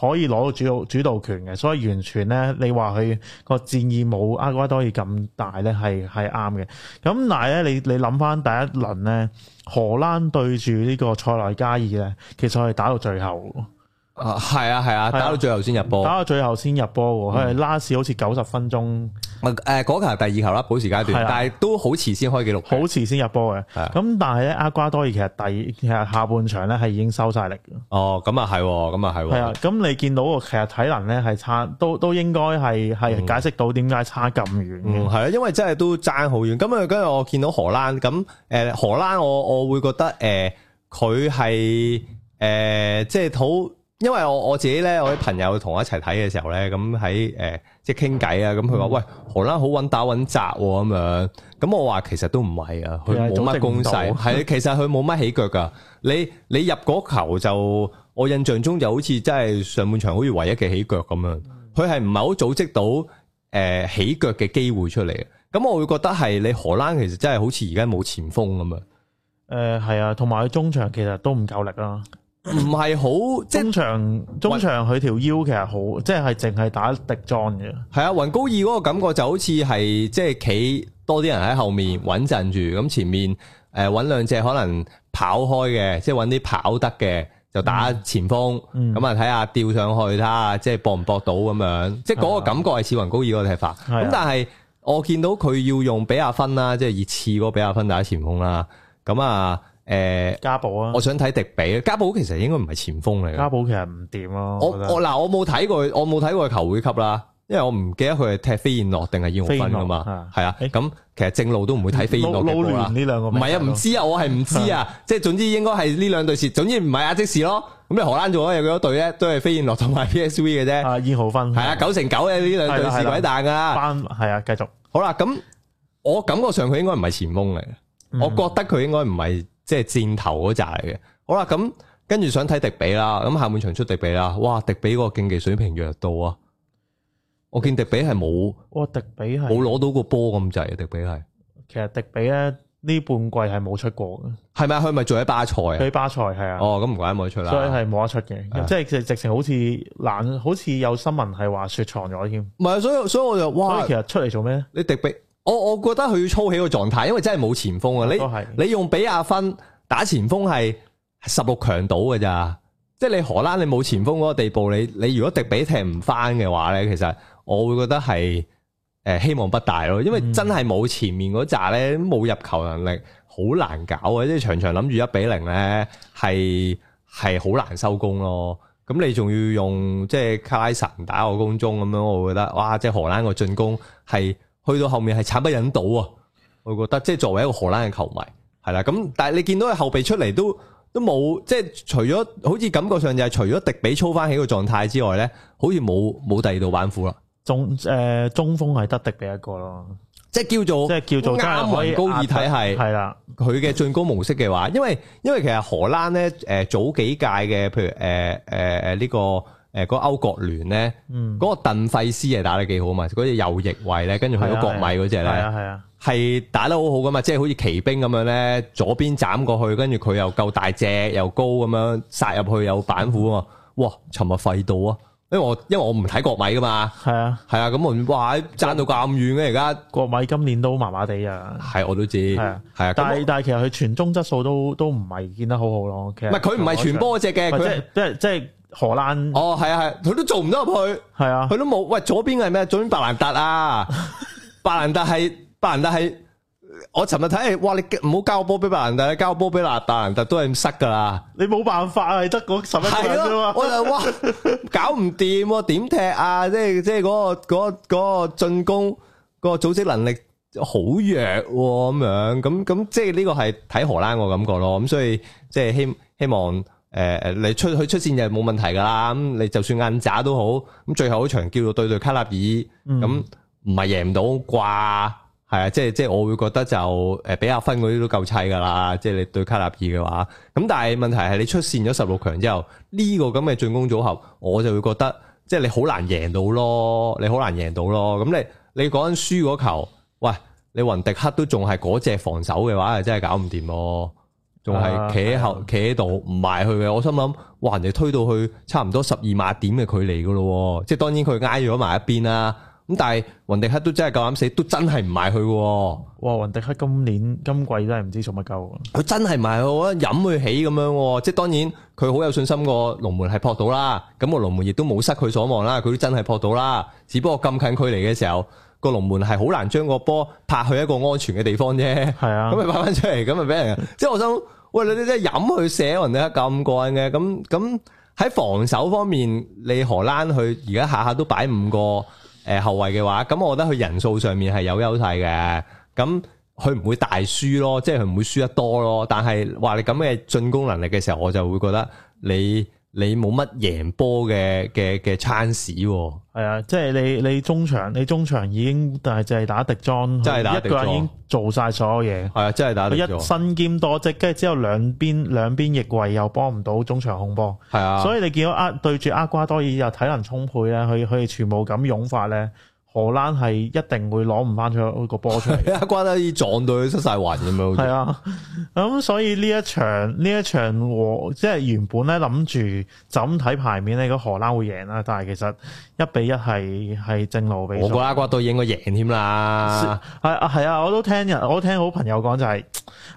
可以攞到主導主導權嘅，所以完全咧，你話佢個戰意冇厄瓜多爾咁大咧，係係啱嘅。咁但係咧，你你諗翻第一輪咧，荷蘭對住呢個塞內加爾咧，其實係打到最後。啊，係啊，係啊，打到最後先入波，打到最後先入波，佢拉士好似九十分鐘，誒、嗯，嗰球係第二球啦，補時階段，啊、但係都好遲先開紀錄，好遲先入波嘅，咁、啊、但係咧阿瓜多爾其實第其實下半場咧係已經收晒力了哦，咁啊係，咁啊係，係啊，咁、啊啊、你見到個其實體能咧係差，都都應該係係解釋到點解差咁遠嘅，係、嗯、啊，因為真係都爭好遠，咁啊今日我見到荷蘭，咁誒、呃、荷蘭我我會覺得誒佢係誒即係好。因為我我自己咧，我啲朋友同我一齊睇嘅時候咧，咁喺誒即係傾偈啊，咁佢話：喂，荷蘭好穩打穩紮咁樣。咁我話其實都唔係啊，佢冇乜攻勢，係其實佢冇乜起腳㗎。你你入嗰球就我印象中就好似真係上半場好似唯一嘅起腳咁樣。佢係唔係好組織到誒、呃、起腳嘅機會出嚟？咁我會覺得係你荷蘭其實真係好似而家冇前鋒咁、呃、啊。誒係啊，同埋佢中場其實都唔夠力啦。唔係好中場，即中場佢條腰其實好，即係淨係打疊裝嘅。係啊，雲高爾嗰個感覺就好似係即係企多啲人喺後面穩陣住，咁、嗯、前面誒搵兩隻可能跑開嘅，即係搵啲跑得嘅就打前鋒，咁啊睇下吊上去，睇下即係博唔博到咁樣，即係嗰個感覺係似雲高爾個踢法。咁、嗯啊、但係我見到佢要用比亞芬啦，即係熱刺個比亞芬打前鋒啦，咁啊。誒，加寶啊！我想睇迪比。加寶其實應該唔係前鋒嚟嘅。加寶其實唔掂咯。我我嗱，我冇睇過，我冇睇過球會級啦。因為我唔記得佢係踢飛燕諾定係燕豪芬噶嘛。係啊，咁其實正路都唔會睇飛燕諾噶嘛。呢兩個唔係啊，唔知啊，我係唔知啊。即係總之應該係呢兩隊事。總之唔係阿積士咯。咁你荷蘭做啊，有幾多隊咧？都係飛燕諾同埋 PSV 嘅啫。燕豪芬係啊，九成九嘅呢兩隊是鬼蛋噶。翻係啊，繼續。好啦，咁我感覺上佢應該唔係前鋒嚟嘅，我覺得佢應該唔係。即係箭頭嗰扎嚟嘅，好啦，咁跟住想睇迪比啦，咁下半場出迪比啦，哇，迪比個競技水平弱到啊！我見迪比係冇，哇、哦，迪比係冇攞到個波咁滯，迪比係。其實迪比咧呢半季係冇出過嘅，係咪啊？佢咪做喺巴塞，佢喺巴塞係啊。哦，咁唔怪得冇得出啦的。所以係冇得出嘅，即係其實直情好似難，好似有新聞係話雪藏咗添。唔係啊，所以所以我就哇，所以其實出嚟做咩？你迪比。我我覺得佢要操起個狀態，因為真係冇前鋒啊！你你用比亞芬打前鋒係十六強到㗎咋？即係你荷蘭你冇前鋒嗰個地步，你你如果迪比踢唔翻嘅話咧，其實我會覺得係誒希望不大咯，因為真係冇前面嗰扎咧冇入球能力，好難搞啊！嗯、即係場場諗住一比零咧，係係好難收工咯。咁你仲要用即係卡拉神打我攻中咁樣，我覺得哇！即係荷蘭個進攻係。去到後面係慘不忍睹啊！我覺得，即係作為一個荷蘭嘅球迷，係啦咁，但係你見到佢後備出嚟都都冇，即係除咗好似感覺上就係除咗迪比操翻起個狀態之外咧，好似冇冇第二度板斧啦、呃。中誒中鋒係得迪比一個咯，即係叫做即係叫做啱雲高爾體系係啦，佢嘅進攻模式嘅話，因為因為其實荷蘭咧誒早幾屆嘅譬如誒誒誒呢個。誒，嗰歐國聯咧，嗰、嗯、個鄧費斯係打得幾、係啊係啊係啊、好嘛？嗰隻右翼衛咧，跟住去嗰國米嗰隻咧，係打得好好噶嘛？即係好似奇兵咁樣咧，左邊斬過去，跟住佢又夠大隻又高咁樣殺入去，有板斧啊！哇，尋日廢到啊！因為我因為我唔睇國米噶嘛，係啊係啊，咁我、啊、哇，賺到咁遠嘅而家國米今年都麻麻地啊，係我都知係啊，啊但係我但係其實佢傳中質素都都唔係見得好好咯，唔係佢唔係傳波隻嘅，即係即係。荷蘭哦，係啊，係佢都做唔到入去，係啊，佢都冇。喂，左邊係咩？左邊白蘭達啊，白蘭達係白蘭達係。我尋日睇，哇！你唔好交個波俾白蘭達，交個波俾白蘭達，白蘭達都係咁塞噶啦。你冇辦法啊，得個十一人啫嘛。我就哇，搞唔掂啊，點踢啊？即係即係嗰個嗰個嗰個進攻個組織能力好弱咁樣。咁咁即係呢個係睇荷蘭個感覺咯。咁所以即係希希望。誒誒、呃，你出去出線就冇問題噶啦，咁你就算硬渣都好，咁最後一場叫做對對卡納爾，咁唔係贏唔到啩？係啊，即係即係我會覺得就誒比亞芬嗰啲都夠砌噶啦，即係你對卡納爾嘅話，咁但係問題係你出線咗十六強之後呢個咁嘅進攻組合，我就會覺得即係你好難贏到咯，你好難贏到咯，咁你你講緊輸嗰球，喂，你雲迪克都仲係嗰隻防守嘅話，真係搞唔掂咯。仲係企喺後企喺度唔埋去嘅，我心諗哇人哋推到去差唔多十二碼點嘅距離噶咯，即係當然佢挨咗埋一邊啦。咁但係雲迪克都真係夠膽死，都真係唔埋去。哇雲迪克今年今季都係唔知做乜鳩。佢真係賣我，飲佢起咁樣。即係當然佢好有信心過龍門係撲到啦。咁個龍門亦都冇失佢所望啦。佢都真係撲到啦。只不過咁近距離嘅時候。個龍門係好難將個波拍去一個安全嘅地方啫，係是啊，咁咪拍翻出嚟，咁咪俾人。 即係我想，喂你你真係飲去寫人哋得咁過癮嘅，咁咁喺防守方面，你荷蘭佢而家下下都擺五個誒後衛嘅話，咁我覺得佢人數上面係有優勢嘅，咁佢唔會大輸咯，即係佢唔會輸得多咯。但係話你咁嘅進攻能力嘅時候，我就會覺得你。你冇乜贏波嘅嘅嘅餐屎，係啊、哦，即係你你中場你中場已經但係就係打疊裝，打裝，一個人已經做晒所有嘢，係啊，真係打一身兼多職，跟住之後兩邊兩邊翼衛又幫唔到中場控波，係啊的，所以你見到呃對住厄瓜多爾又體能充沛咧，佢佢全部咁勇發咧。荷蘭係一定會攞唔翻出個波出，嚟。 阿瓜多爾撞到失，出晒雲咁樣。係 啊，咁、嗯、所以呢一場呢一場即係原本咧諗住整睇牌面咧，個荷蘭會贏啦。但係其實一比一係係正路比。我覺得阿瓜都應該贏添啦。係啊，係啊，我都聽人，我都聽好朋友講就係、是、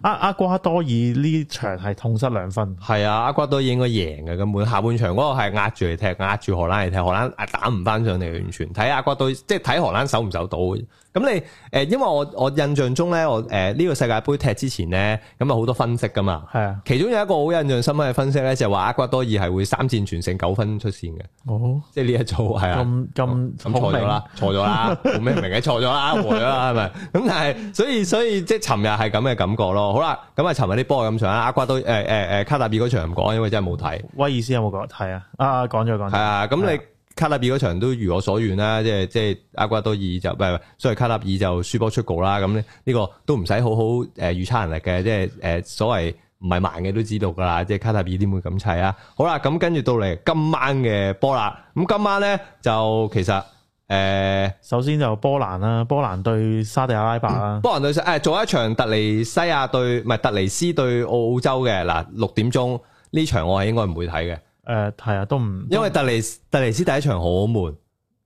阿阿瓜多爾呢場係痛失兩分。係啊，阿瓜都應該贏嘅。根本下半場嗰個係壓住嚟踢，壓住荷蘭嚟踢，荷蘭打唔翻上嚟，完全睇阿瓜多，即係。睇荷蘭守唔守到？咁你誒，因為我我印象中咧，我誒呢個世界盃踢之前咧，咁啊好多分析㗎嘛。係啊，其中有一個好印象深刻嘅分析咧，就係話厄瓜多爾係會三戰全勝九分出線嘅。哦，即係呢一組係啊。咁咁咁錯咗啦，明明啊、 錯咗啦，冇咩明嘅錯咗啦，和咗啦，係咪？咁但係，所以所以即係尋日係咁嘅感覺咯。好啦，咁啊，尋日啲波咁長啦。厄瓜多誒誒誒卡塔爾嗰場唔講，因為真係冇睇。威爾斯有冇講？係啊，啊講咗講。係啊，咁、啊、你。卡塔爾嗰場都如我所願啦，即係即係阿瓜多爾就唔係，所以卡塔爾就輸波出局啦。咁呢呢個都唔使好好誒預測能力嘅，即係誒、呃、所謂唔係盲嘅都知道噶啦，即係卡塔爾點會咁砌啊？好啦，咁跟住到嚟今晚嘅波啦。咁今晚咧就其實誒，呃、首先就波蘭啦、啊，波蘭對沙地阿拉伯啦、啊嗯，波蘭對沙誒、哎、做一場特尼西亞對唔係特尼斯對澳洲嘅嗱，六點鐘呢場我係應該唔會睇嘅。誒，係、呃、啊，都唔因為突尼斯突尼斯第一場好悶，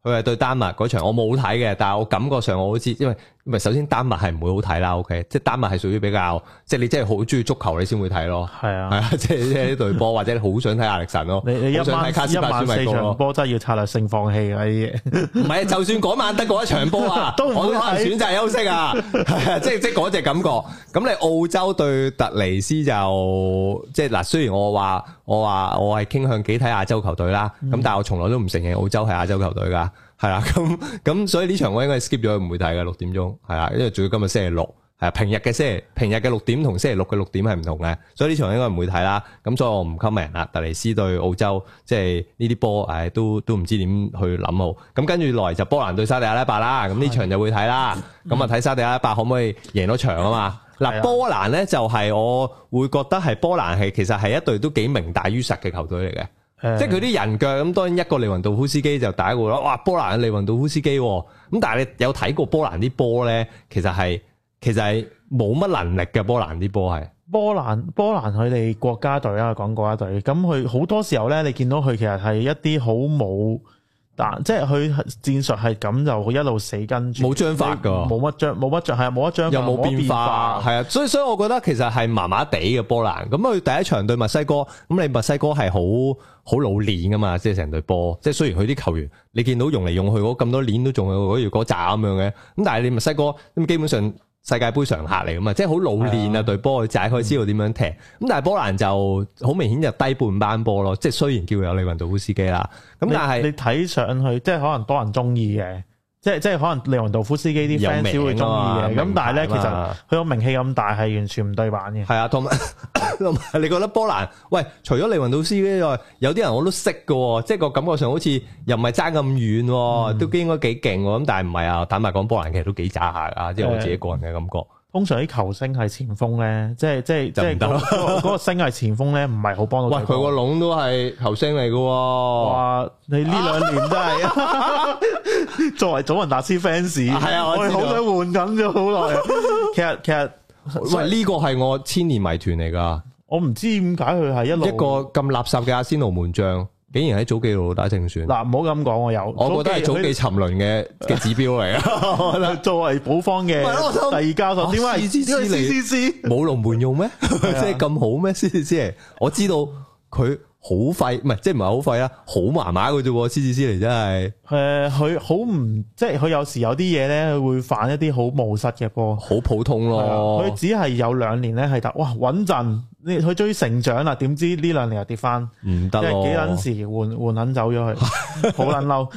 佢係、嗯、對丹麥嗰場，我冇睇嘅，但係我感覺上我好似因為。唔，首先丹麥係唔會好睇啦。O、okay? K，即係丹麥係屬於比較，即係你真係好中意足球你，你先會睇咯。係啊，係啊，即係即係呢隊波，或者你好想睇艾歷臣咯。你你一晚一晚四場波真係要策略性放棄啦！啲嘢唔係，就算嗰晚得嗰一場波啊，都我都可能選擇休息啊。 即係即係嗰隻感覺。咁你澳洲對特尼斯就即係嗱，雖然我話我話我係傾向幾睇亞洲球隊啦，咁、嗯、但係我從來都唔承認澳洲係亞洲球隊㗎。係啦，咁咁所以呢場我應該 skip 咗，唔會睇嘅六點鐘，係啦，因為仲要今日星期六，係平日嘅星期平日嘅六點同星期六嘅六點係唔同嘅，所以呢場應該唔會睇啦。咁所以我唔 comment 啦。突尼斯對澳洲，即係呢啲波，誒都都唔知點去諗好。咁跟住來就波蘭對沙地阿拉伯啦，咁呢場就會睇啦。咁啊睇沙地阿拉伯可唔可以贏到場啊嘛？嗱，波蘭咧就係我會覺得係波蘭係其實係一隊都幾名大於實嘅球隊嚟嘅。即係佢啲人腳咁，當然一個利雲道夫斯基就第一個咯。哇，波蘭嘅利雲道夫斯基咁，哦，但係你有睇過波蘭啲波咧？其實係其實係冇乜能力嘅。波蘭啲波係波蘭波蘭佢哋國家隊啊，講國家隊咁，佢好多時候咧，你見到佢其實係一啲好冇。即係佢戰術係咁就一路死跟住，冇章法㗎，冇乜章冇乜章係冇乜章，章章又冇變化係啊！所以所以，我覺得其實係麻麻地嘅波蘭。咁佢第一場對墨西哥，咁你墨西哥係好好老練㗎嘛？即係成隊波，即係雖然佢啲球員你見到用嚟用去，我咁多年都仲係如果炸咁樣嘅。咁但係你墨西哥咁基本上。世界杯常客嚟㗎嘛，即係好老練啊，的對波佢係可以知道點樣踢。咁、嗯、但係波蘭就好明顯就低半班波咯，即係雖然叫有李雲道夫斯基啦，咁但係你睇上去即係可能多人中意嘅。即係即係可能利雲道夫斯基啲 fans 會中意嘅，咁但係咧其實佢個名氣咁大係完全唔對版嘅。係啊，同埋同埋你覺得波蘭？喂，除咗利雲道夫斯基外，有啲人我都識㗎，即係個感覺上好似又唔係差咁遠，嗯、都應該幾勁。咁但係唔係啊，坦白講，波蘭其實都幾渣下啊，即係、嗯、我自己個人嘅感覺。通常啲球星係前鋒咧，即係即係即係嗰個星係前鋒咧，唔係好幫到。喂，佢個籠都係球星嚟噶、哦。哇！你呢兩年真係，啊、 作為祖雲達斯 fans，係啊，我，我好想換咁咗好耐。其實其實，喂，呢、這個係我千年謎團嚟噶。我唔知點解佢係一路一個咁垃圾嘅阿仙奴門將。竟然喺早記度打正選。嗱，唔好咁講，我有，我覺得係早記沉淪嘅嘅指標嚟。 啊，作為寶方嘅第二教所，點解？呢個獅子師冇龍門用咩？即係咁好咩？思思，師，我知道佢好廢，唔係即係唔係好廢啊？好麻麻嘅啫喎，思思，師嚟真係。誒，佢好唔即係佢有時有啲嘢咧，佢會犯一啲好務實嘅噃，好普通咯。佢、呃、只係有兩年咧係得，哇穩陣。穩陣佢終於成長啦，點知呢兩年又跌翻，唔得咯，幾撚時換換撚走咗去，好撚嬲。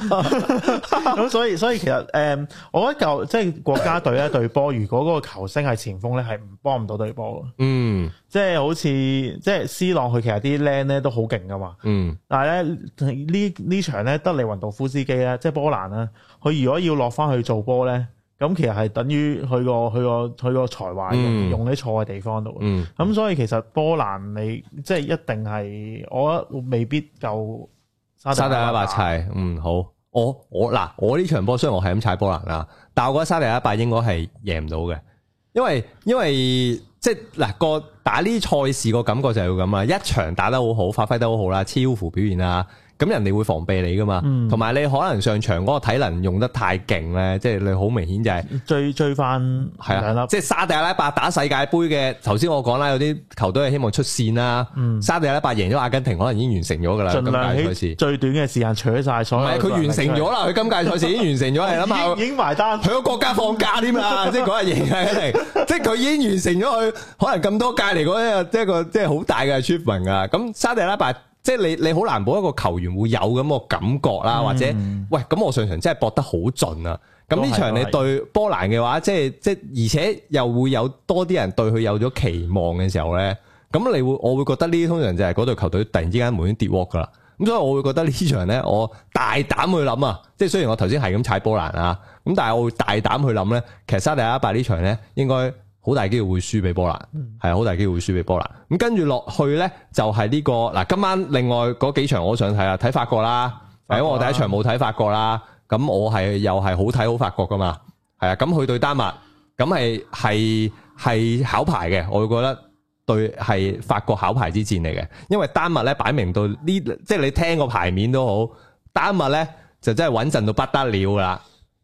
咁 所以所以其實誒，我覺得舊即係國家隊咧對波，如果嗰個球星係前鋒咧，唔幫唔到對波嘅。嗯，即係好似即係 C 朗，佢其實啲靚咧都好勁嘅嘛。嗯，但係咧呢呢場咧得利雲道夫斯基咧，即係波蘭咧，佢如果要落翻去做波咧。咁其實係等於佢個佢個佢個才華用喺錯嘅地方度，咁、嗯、所以其實波蘭你即係一定係我覺得未必夠沙地阿伯砌，嗯好，我我嗱我呢場波雖然我係咁踩波蘭啦，但係我覺得沙地阿伯應該係贏唔到嘅，因為因為即係嗱個打呢啲賽事個感覺就係咁啊，一場打得好好，發揮得好好啦，超乎表現啊！咁人哋會防備你噶嘛？同埋你可能上場嗰個體能用得太勁咧，即係你好明顯就係追追翻，係啊，即係沙地阿拉伯打世界盃嘅。頭先我講啦，有啲球隊係希望出線啦。沙地阿拉伯贏咗阿根廷，可能已經完成咗噶啦。盡量喺最短嘅時間除晒所有。唔係佢完成咗啦，佢今屆賽事已經完成咗嚟啦嘛，已經埋單佢個國家放假添啊！即係嗰日贏咗阿根廷，即係佢已經完成咗，佢可能咁多屆嚟講咧，即係個即係好大嘅出名噶。咁沙地阿拉伯。即係你你好難保一個球員會有咁個感覺啦，嗯、或者喂咁我上場真係搏得好盡啊！咁呢是場你對波蘭嘅話，即係即係而且又會有多啲人對佢有咗期望嘅時候咧，咁你會我會覺得呢啲通常就係嗰隊球隊突然之間門先跌鑊噶啦。咁所以我會覺得呢場咧，我大膽去諗啊！即係雖然我頭先係咁踩波蘭啊，咁但係我會大膽去諗咧，其實沙地阿伯呢場咧應該。好大機會會輸俾波蘭，嗯，係啊，好大機會會輸俾波蘭。咁跟住落去咧，就係呢個嗱，今晚另外嗰幾場我想睇下，睇法國啦，法國啦，因為我第一場冇睇法國啦，咁我係又係好睇好法國噶嘛，係啊，咁佢對丹麥，咁係係係考牌嘅，我會覺得對係法國考牌之戰嚟嘅，因為丹麥咧擺明到呢，即係你聽個牌面都好，丹麥咧就真係穩陣到不得了㗎喇，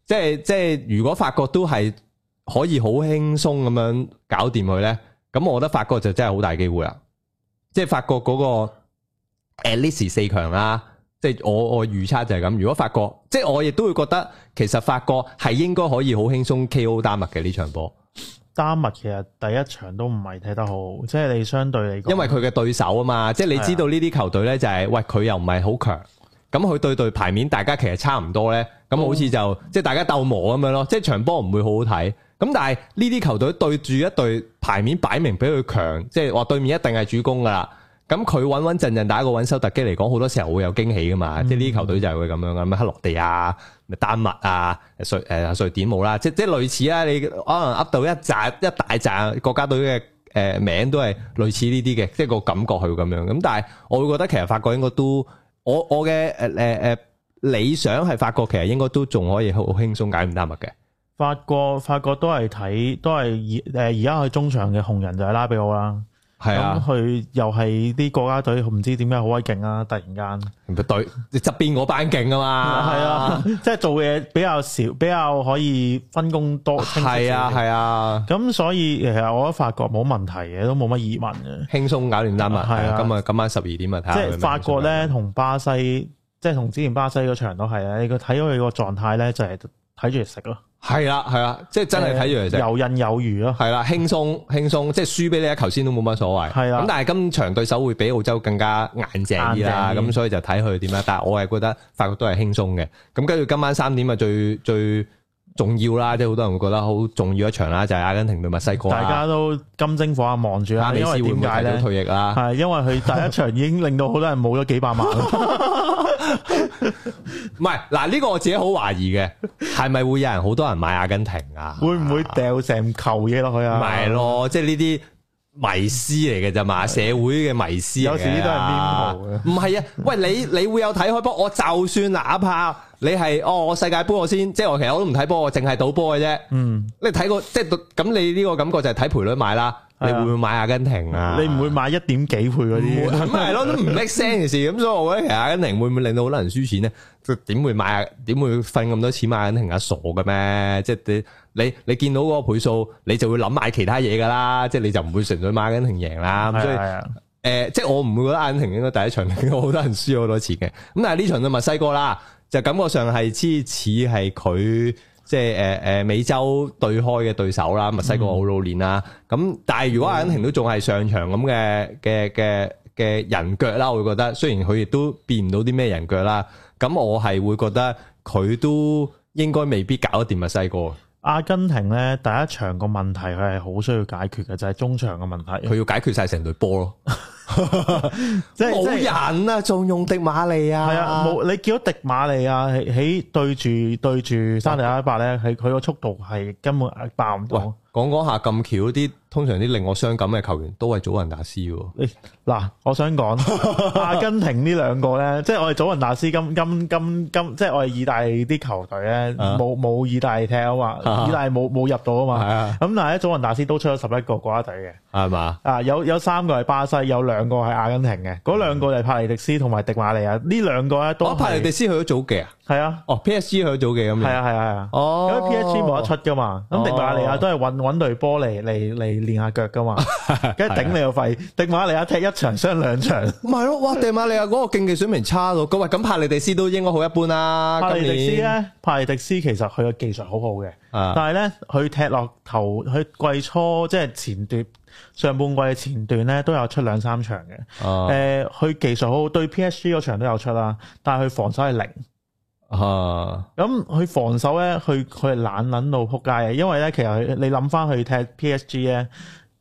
即係即係如果法國都係，可以好輕鬆咁樣搞掂佢呢。咁我覺得法國就真係好大機會啦。即係法國嗰個 at least 四強啦，啊，即係我我預測就係咁。如果法國，即係我亦都會覺得，其實法國係應該可以好輕鬆 KO 丹麥嘅呢場波。丹麥其實第一場都唔係睇得好，即係你相對嚟講，因為佢嘅對手啊嘛，的即係你知道呢啲球隊呢，就是，就係喂佢又唔係好強，咁佢對對排面大家其實差唔多呢，咁好似就，哦，即係大家鬥磨咁樣咯，即係場波唔會好好睇。咁但係呢啲球隊對住一隊牌面擺明比佢強，即係話對面一定係主攻噶啦。咁佢穩穩陣陣打一個穩守突擊嚟講，好多時候會有驚喜噶嘛。嗯、即係呢啲球隊就係會咁樣噶，咩克羅地亞啊，咩丹麥啊、瑞，瑞典冇啦，即即係類似啦。你可能噏到一紮一大紮國家隊嘅誒名都係類似呢啲嘅，即係個感覺係會咁樣。咁但係我會覺得其實法國應該都我我嘅誒誒誒理想係法國，其實應該都仲可以好，好輕鬆解決丹麥嘅。法國，法國都係睇，都係而誒而家去中場嘅紅人就係拉比奧啦。係啊，佢、嗯、又係啲國家隊，唔知點解好鬼勁啊！突然間對，你側邊班勁啊嘛，係啊，即係、 啊就是、做嘢比較少，比較可以分工多。係啊，係啊。咁所以其實我覺得法國冇問題嘅，都冇乜疑問嘅，輕鬆搞掂丹麥。係啊，咁啊今，今晚十二點啊，睇下。即係法國咧，同巴西，即係同之前巴西嗰場都係啊。你睇佢個狀態咧，就係睇住嚟食咯。係啦，係啦，即係真係睇住嚟啫，游刃有餘咯，係啦，輕鬆輕鬆，即係輸俾呢一球先都冇乜所謂，係啦的。咁但係今場對手會比澳洲更加硬淨啲啦，咁所以就睇佢點樣。但係我係覺得法國都係輕鬆嘅。咁跟住今晚三點咪最最重要啦，即係好多人會覺得好重要一場啦，就係、是、阿根廷對墨西哥。大家都金睛火眼望住啦，啊啊、因為點解咧？係、啊、因為佢第一場已經令到好多人冇咗幾百萬 唔係，嗱 呢樂、 這個我自己好懷疑嘅，係咪會有人好多人買阿根廷啊？會唔會掉成球嘢落去啊？唔係咯，即係呢啲迷思嚟嘅啫嘛，社會嘅迷思，啊，有時都係癲婆嘅。唔係 啊，喂你你會有睇開波？我就算哪怕你係哦，我世界盃我先，即係我其實我都唔睇波，我淨係賭波嘅啫。嗯，hmm. 你睇過即係咁，你呢個感覺就係睇賠率買啦。 你會唔會買阿根廷啊？你唔會買一點幾倍嗰啲？咁係咯，都唔 make sense 嘅事。咁所以我覺得其實阿根廷會唔會令到好多人輸錢咧？即係點會買？點會瞓咁多錢買阿根廷啊？傻嘅咩？即係你你你見到嗰個倍數，你就會諗買其他嘢噶啦。即係你就唔會純粹買阿根廷贏啦。咁 所以誒、呃，即係我唔會覺得阿根廷應該第一場令到好多人輸好多錢嘅。咁但係呢場嘅墨西哥啦，就感覺上係似似係佢。即係誒誒美洲對開嘅對手啦，墨西哥好老練啦，咁、嗯、但係如果阿根廷都仲係上場咁嘅嘅嘅嘅人腳啦，我會覺得雖然佢亦都變唔到啲咩人腳啦，咁我係會覺得佢都應該未必搞得掂墨西哥。阿根廷咧，第一場個問題佢係好需要解決嘅，就係、是、中場嘅問題，佢要解決晒成隊波咯。即係冇人啊，仲用迪馬利 是 啊？係啊，冇你見到迪馬利啊？喺對住對住沙尼阿巴咧，係佢個速度係根本爆唔到。講講下咁巧啲。通常啲令我傷感嘅球員都係祖雲達斯喎。嗱，我想講阿根廷呢兩個咧，即係我哋祖雲達斯，今今今今，即係我哋意大利啲球隊咧，冇冇意大利踢啊嘛，意大利冇冇入到啊嘛。咁但係咧，祖雲達斯都出咗十一個國家隊嘅。係嘛？啊，有有三個係巴西，有兩個係阿根廷嘅。嗰兩個就係帕尼迪斯同埋迪馬利亞。呢兩個咧都係，帕尼迪斯去咗祖記啊。係啊。哦，PSG 去咗祖記咁樣。係啊，係啊，係啊。哦。因為 PSG 冇得出㗎嘛。咁迪馬利亞都係揾揾隊波嚟嚟嚟。練下腳噶嘛，跟住頂你個肺， 的迪馬尼亞踢一場傷兩場，唔係咯，哇！迪馬尼亞嗰個競技水平差到，佢話咁帕利迪斯都應該好一般啦。帕利迪斯咧，帕利迪斯其實佢嘅技術好好嘅， 但係咧佢踢落頭，佢季初即係前段上半季嘅前段咧都有出兩三場嘅，誒、 呃，佢技術好，對 P S G 嗰場都有出啦，但係佢防守係零。啊！咁佢、嗯、防守咧，佢佢係懶捻到仆街嘅，因為咧，其實你諗翻去踢 P S G 咧，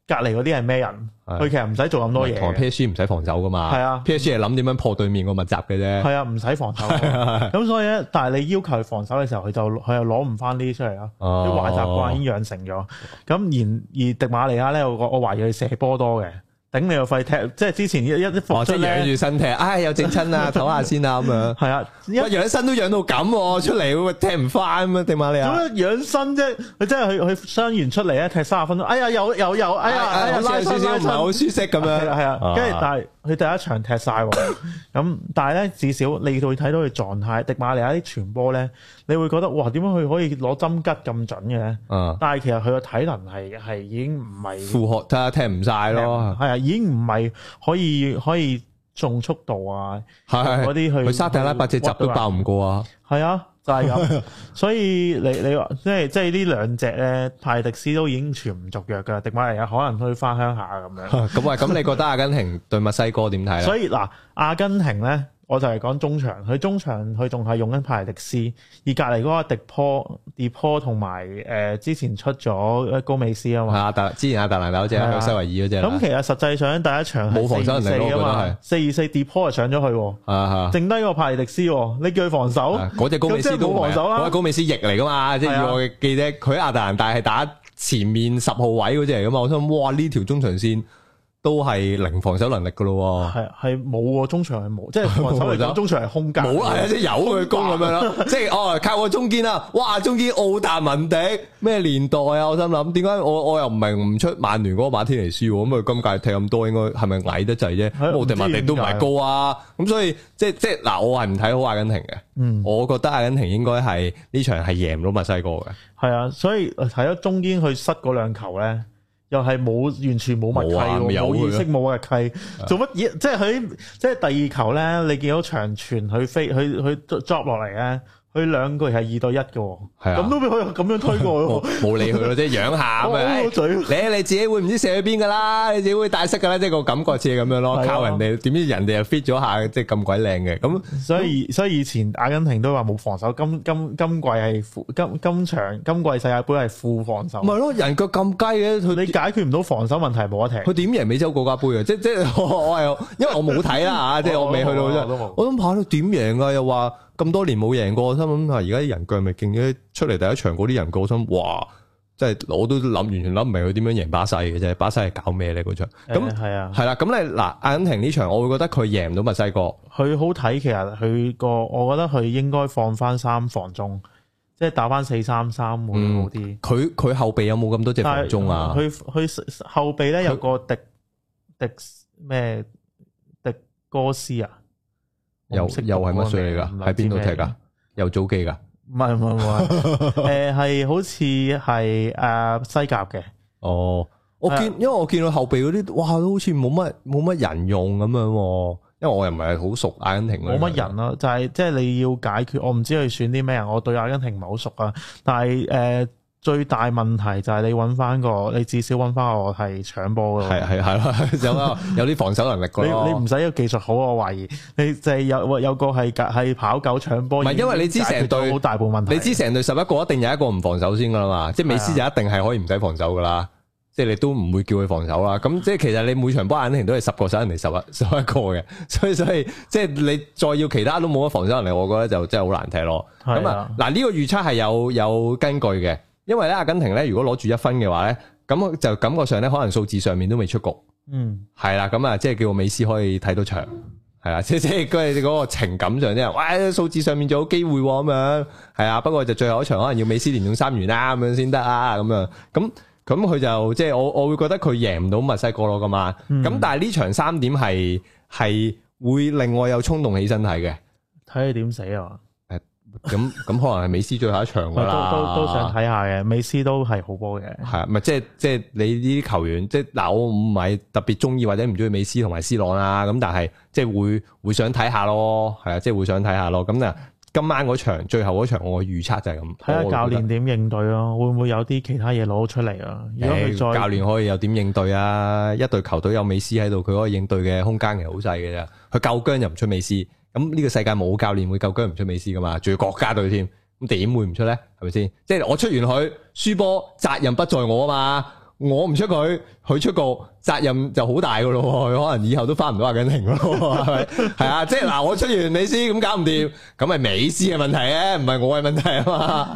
隔籬嗰啲係咩人？佢其實唔使做咁多嘢，同 P S G 唔使防守噶嘛。係啊，P S G 係諗點樣破對面個密集嘅啫。係啊，唔使防守。咁所以咧，但係你要求佢防守嘅時候，佢就佢又攞唔翻呢啲出嚟啦。啲壞習慣已經養成咗。咁，然而迪馬利亞咧，我我懷疑佢射波多嘅。頂你個肺踢，即係之前一一啲防出，養住、哦、身踢，唉、哎，又整親啦，唞下先啦咁樣。係啊，個養生都養到咁出嚟，踢唔翻咁嘛，點啊你啊？養身即係佢真係去去傷完出嚟咧踢三十分鐘，哎呀，有，有，有，哎呀哎呀，拉少伸少，唔係好舒適咁樣，係啊，跟住、啊啊啊、 但。佢第一場踢曬喎，咁但係咧至少你會睇到佢狀態。迪馬利亞啲傳波咧，你會覺得哇，點解佢可以攞針吉咁準嘅咧？嗯。但係其實佢個體能係係已經唔係負荷，睇下踢唔曬咯。係啊，已經唔係可以可以重速度啊，嗰啲去。佢沙地拉八隻集都爆唔過啊。係啊。就係咁，所以你你話即係即係呢兩隻咧，派迪斯都已經全唔續約噶，迪馬尼亞可能去翻鄉下咁樣？咁啊咁，你覺得阿根廷對墨西哥點睇咧？所以嗱，阿根廷咧。我就係講中場，佢中場佢仲係用緊派迪斯，而隔離嗰個迪坡、迪坡同埋誒之前出咗高美斯啊嘛。係啊，達之前阿達蘭大嗰隻，的西維爾嗰隻。咁其實實際上第一場冇防守，人嚟㗎嘛，四二四啊嘛，四二四迪坡就上咗去喎。的剩低個派迪斯，你叫佢防守？嗰隻、那個、高美斯都冇防守啦。那個、高美斯翼嚟噶嘛，即係我記得，佢阿達蘭大係打前面十號位嗰隻嚟噶嘛。我想哇，呢條中場線，都係零防守能力噶咯，係係冇喎，中場係冇，即係防守嚟講，中場係空間冇啦，係即係有佢攻咁樣啦，即係哦靠個中堅啊，哇中堅奧達文迪咩年代啊？我心諗點解我我又唔明唔出曼聯嗰個馬天尼斯，咁佢今屆踢咁多，應該係咪矮得滯啫？奧達文迪都唔係高啊，咁所以即係即係嗱，我係唔睇好阿根廷嘅，嗯、我覺得阿根廷應該係呢場係贏唔到墨西哥嘅，係啊，所以睇咗中堅去塞嗰兩球咧。又係冇，完全冇默契，冇意識、冇默契，的做乜嘢？即係佢即係第二球咧，你見到長傳佢飛佢佢捉落嚟啊！佢兩局係二對一嘅，係啊，咁都俾佢咁樣推過，冇理佢咯，即係養下咁樣，你自己會唔知射去邊噶啦，你自己會帶色噶啦，即係個感覺似係咁樣咯，靠人哋，點知人哋又 fit 咗下，即係咁鬼靚嘅，咁所以所以以前阿根廷都話冇防守，今今今季係負，今今場今季世界杯係負防守，唔係咯，人腳咁雞嘅，佢你解決唔到防守問題，冇得停，佢點贏美洲國家杯啊？即即係我我係因為我冇睇啦吓，即係我未去到啫，我諗下我都冇，點贏啊？又話。咁多年冇贏過，我心諗啊，而家啲人腳咪勁啲，出嚟第一場嗰啲人，我心哇，即係我都諗完，完全諗唔明佢點樣贏巴西嘅啫，巴西係搞咩咧嗰場？咁係、嗯、啊，係啦，咁你嗱阿根廷呢場，我會覺得佢贏唔到墨西哥。佢好睇，其實佢個，我覺得佢應該放翻三防中，即係打翻四三三會好啲。佢佢、嗯、後備有冇咁多隻防中啊？佢佢後備咧有個迪他迪咩迪，迪哥斯啊？又識識、啊、又係乜水嚟噶？喺邊度踢噶？又早記噶？唔係唔係唔係，誒係、 呃、好似係誒西甲嘅。哦，我見、啊、因為我見到後備嗰啲，哇都好似冇乜冇乜人用咁樣、啊。因為我又唔係好熟阿根廷，冇乜人啦、啊，就係即係你要解決。我唔知佢選啲咩人。我對阿根廷唔係好熟啊，但係誒。呃最大問題就係你揾翻個，你至少揾翻我係搶波嘅，係係係有啦，有啲防守能力嘅。你你唔使個技術好，我懷疑你就係有喂有個係係跑狗搶波，唔係，因為你知成隊好大部問題，你知成隊十一個一定有一個唔防守先噶啦嘛，的即係美斯就一定係可以唔使防守噶啦，即係你都唔會叫佢防守啦。咁即係其實你每場波眼前都係十個守人哋十一十一個嘅，所以所以即係你再要其他都冇乜防守能力，我覺得就真係好難踢咯。咁的啊嗱呢，這個預測係有有根據嘅。因為咧，阿根廷咧，如果攞住一分嘅話咧，咁就感覺上咧，可能數字上面都未出局。嗯，係啦，咁啊，即係叫美斯可以睇到場，係啦，即係佢係嗰個情感上即係，哇，數字上面仲有機會咁樣，係啊，不過就最後一場可能要美斯連中三元啦，咁樣先得啊，咁樣，咁咁佢就即係我我會覺得佢贏唔到墨西哥噶嘛，咁但係呢場三點係係會令我有衝動起身睇嘅，睇你點死啊！咁咁，嗯嗯，可能係美斯最後一場噶啦，都都都想睇下嘅，美斯都係好波嘅。係啊，唔係即係即係你呢啲球員，即係嗱，我唔係特別中意或者唔中意美斯同埋 C 朗啊，咁但係即係會會想睇下咯，係啊，即係會想睇下咯。咁啊，今晚嗰場最後嗰場，我嘅預測就係咁。睇下教練點應對咯，會唔會有啲其他嘢攞出嚟啊？如果佢再、欸、教練可以又點應對啊？一隊球隊有美斯喺度，佢可以應對嘅空間其實好細嘅啫，佢夠薑又唔出美斯。咁呢個世界冇教練會夠薑唔出美斯噶嘛，仲要國家隊添，咁點會唔出呢？係咪先？即係我出完佢輸波，責任不在我啊嘛。我唔出佢，佢出局，責任就好大噶咯。佢可能以後都翻唔到阿根廷咯，係咪？係啊，即係嗱，我出完美斯，咁搞唔掂，咁係美斯嘅問題啊，唔係我嘅問題啊嘛，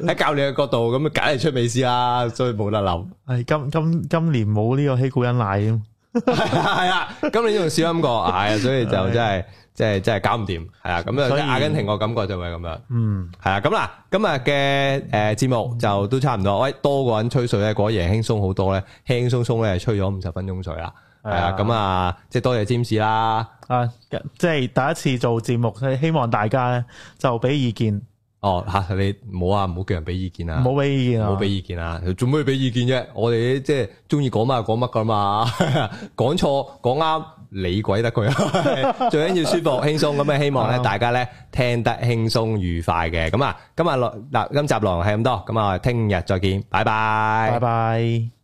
係咪？喺教練嘅角度，咁梗係出美斯啦，所以冇得諗。係今今今年冇呢個希古恩瀨添，係啊，今年仲少咁個，唉，所以就真係。即係即係搞唔掂，係以啊，咁啊，阿根廷我感覺就係咁樣，嗯，係啊，咁啦，今日嘅誒節目就都差唔多，喂，多個人吹水咧，果然輕鬆好多咧，輕輕鬆鬆咧，吹咗五十分鐘水啦，係、嗯、啊，咁啊，即係多謝占士啦，啊，即係第一次做節目，希望大家咧就俾意見，哦，嚇，你唔好啊，唔好叫人俾意見啊，冇俾意見啊，冇俾意見啊，做咩俾意見啫，啊？我哋即係中意講乜就講乜㗎嘛，講 錯講啱。你鬼得佢啊， 最緊要舒服輕鬆，咁啊希望咧大家咧聽得輕鬆愉快嘅，咁啊咁啊，嗱今集狼係咁多，咁啊聽日再見，拜拜，拜拜。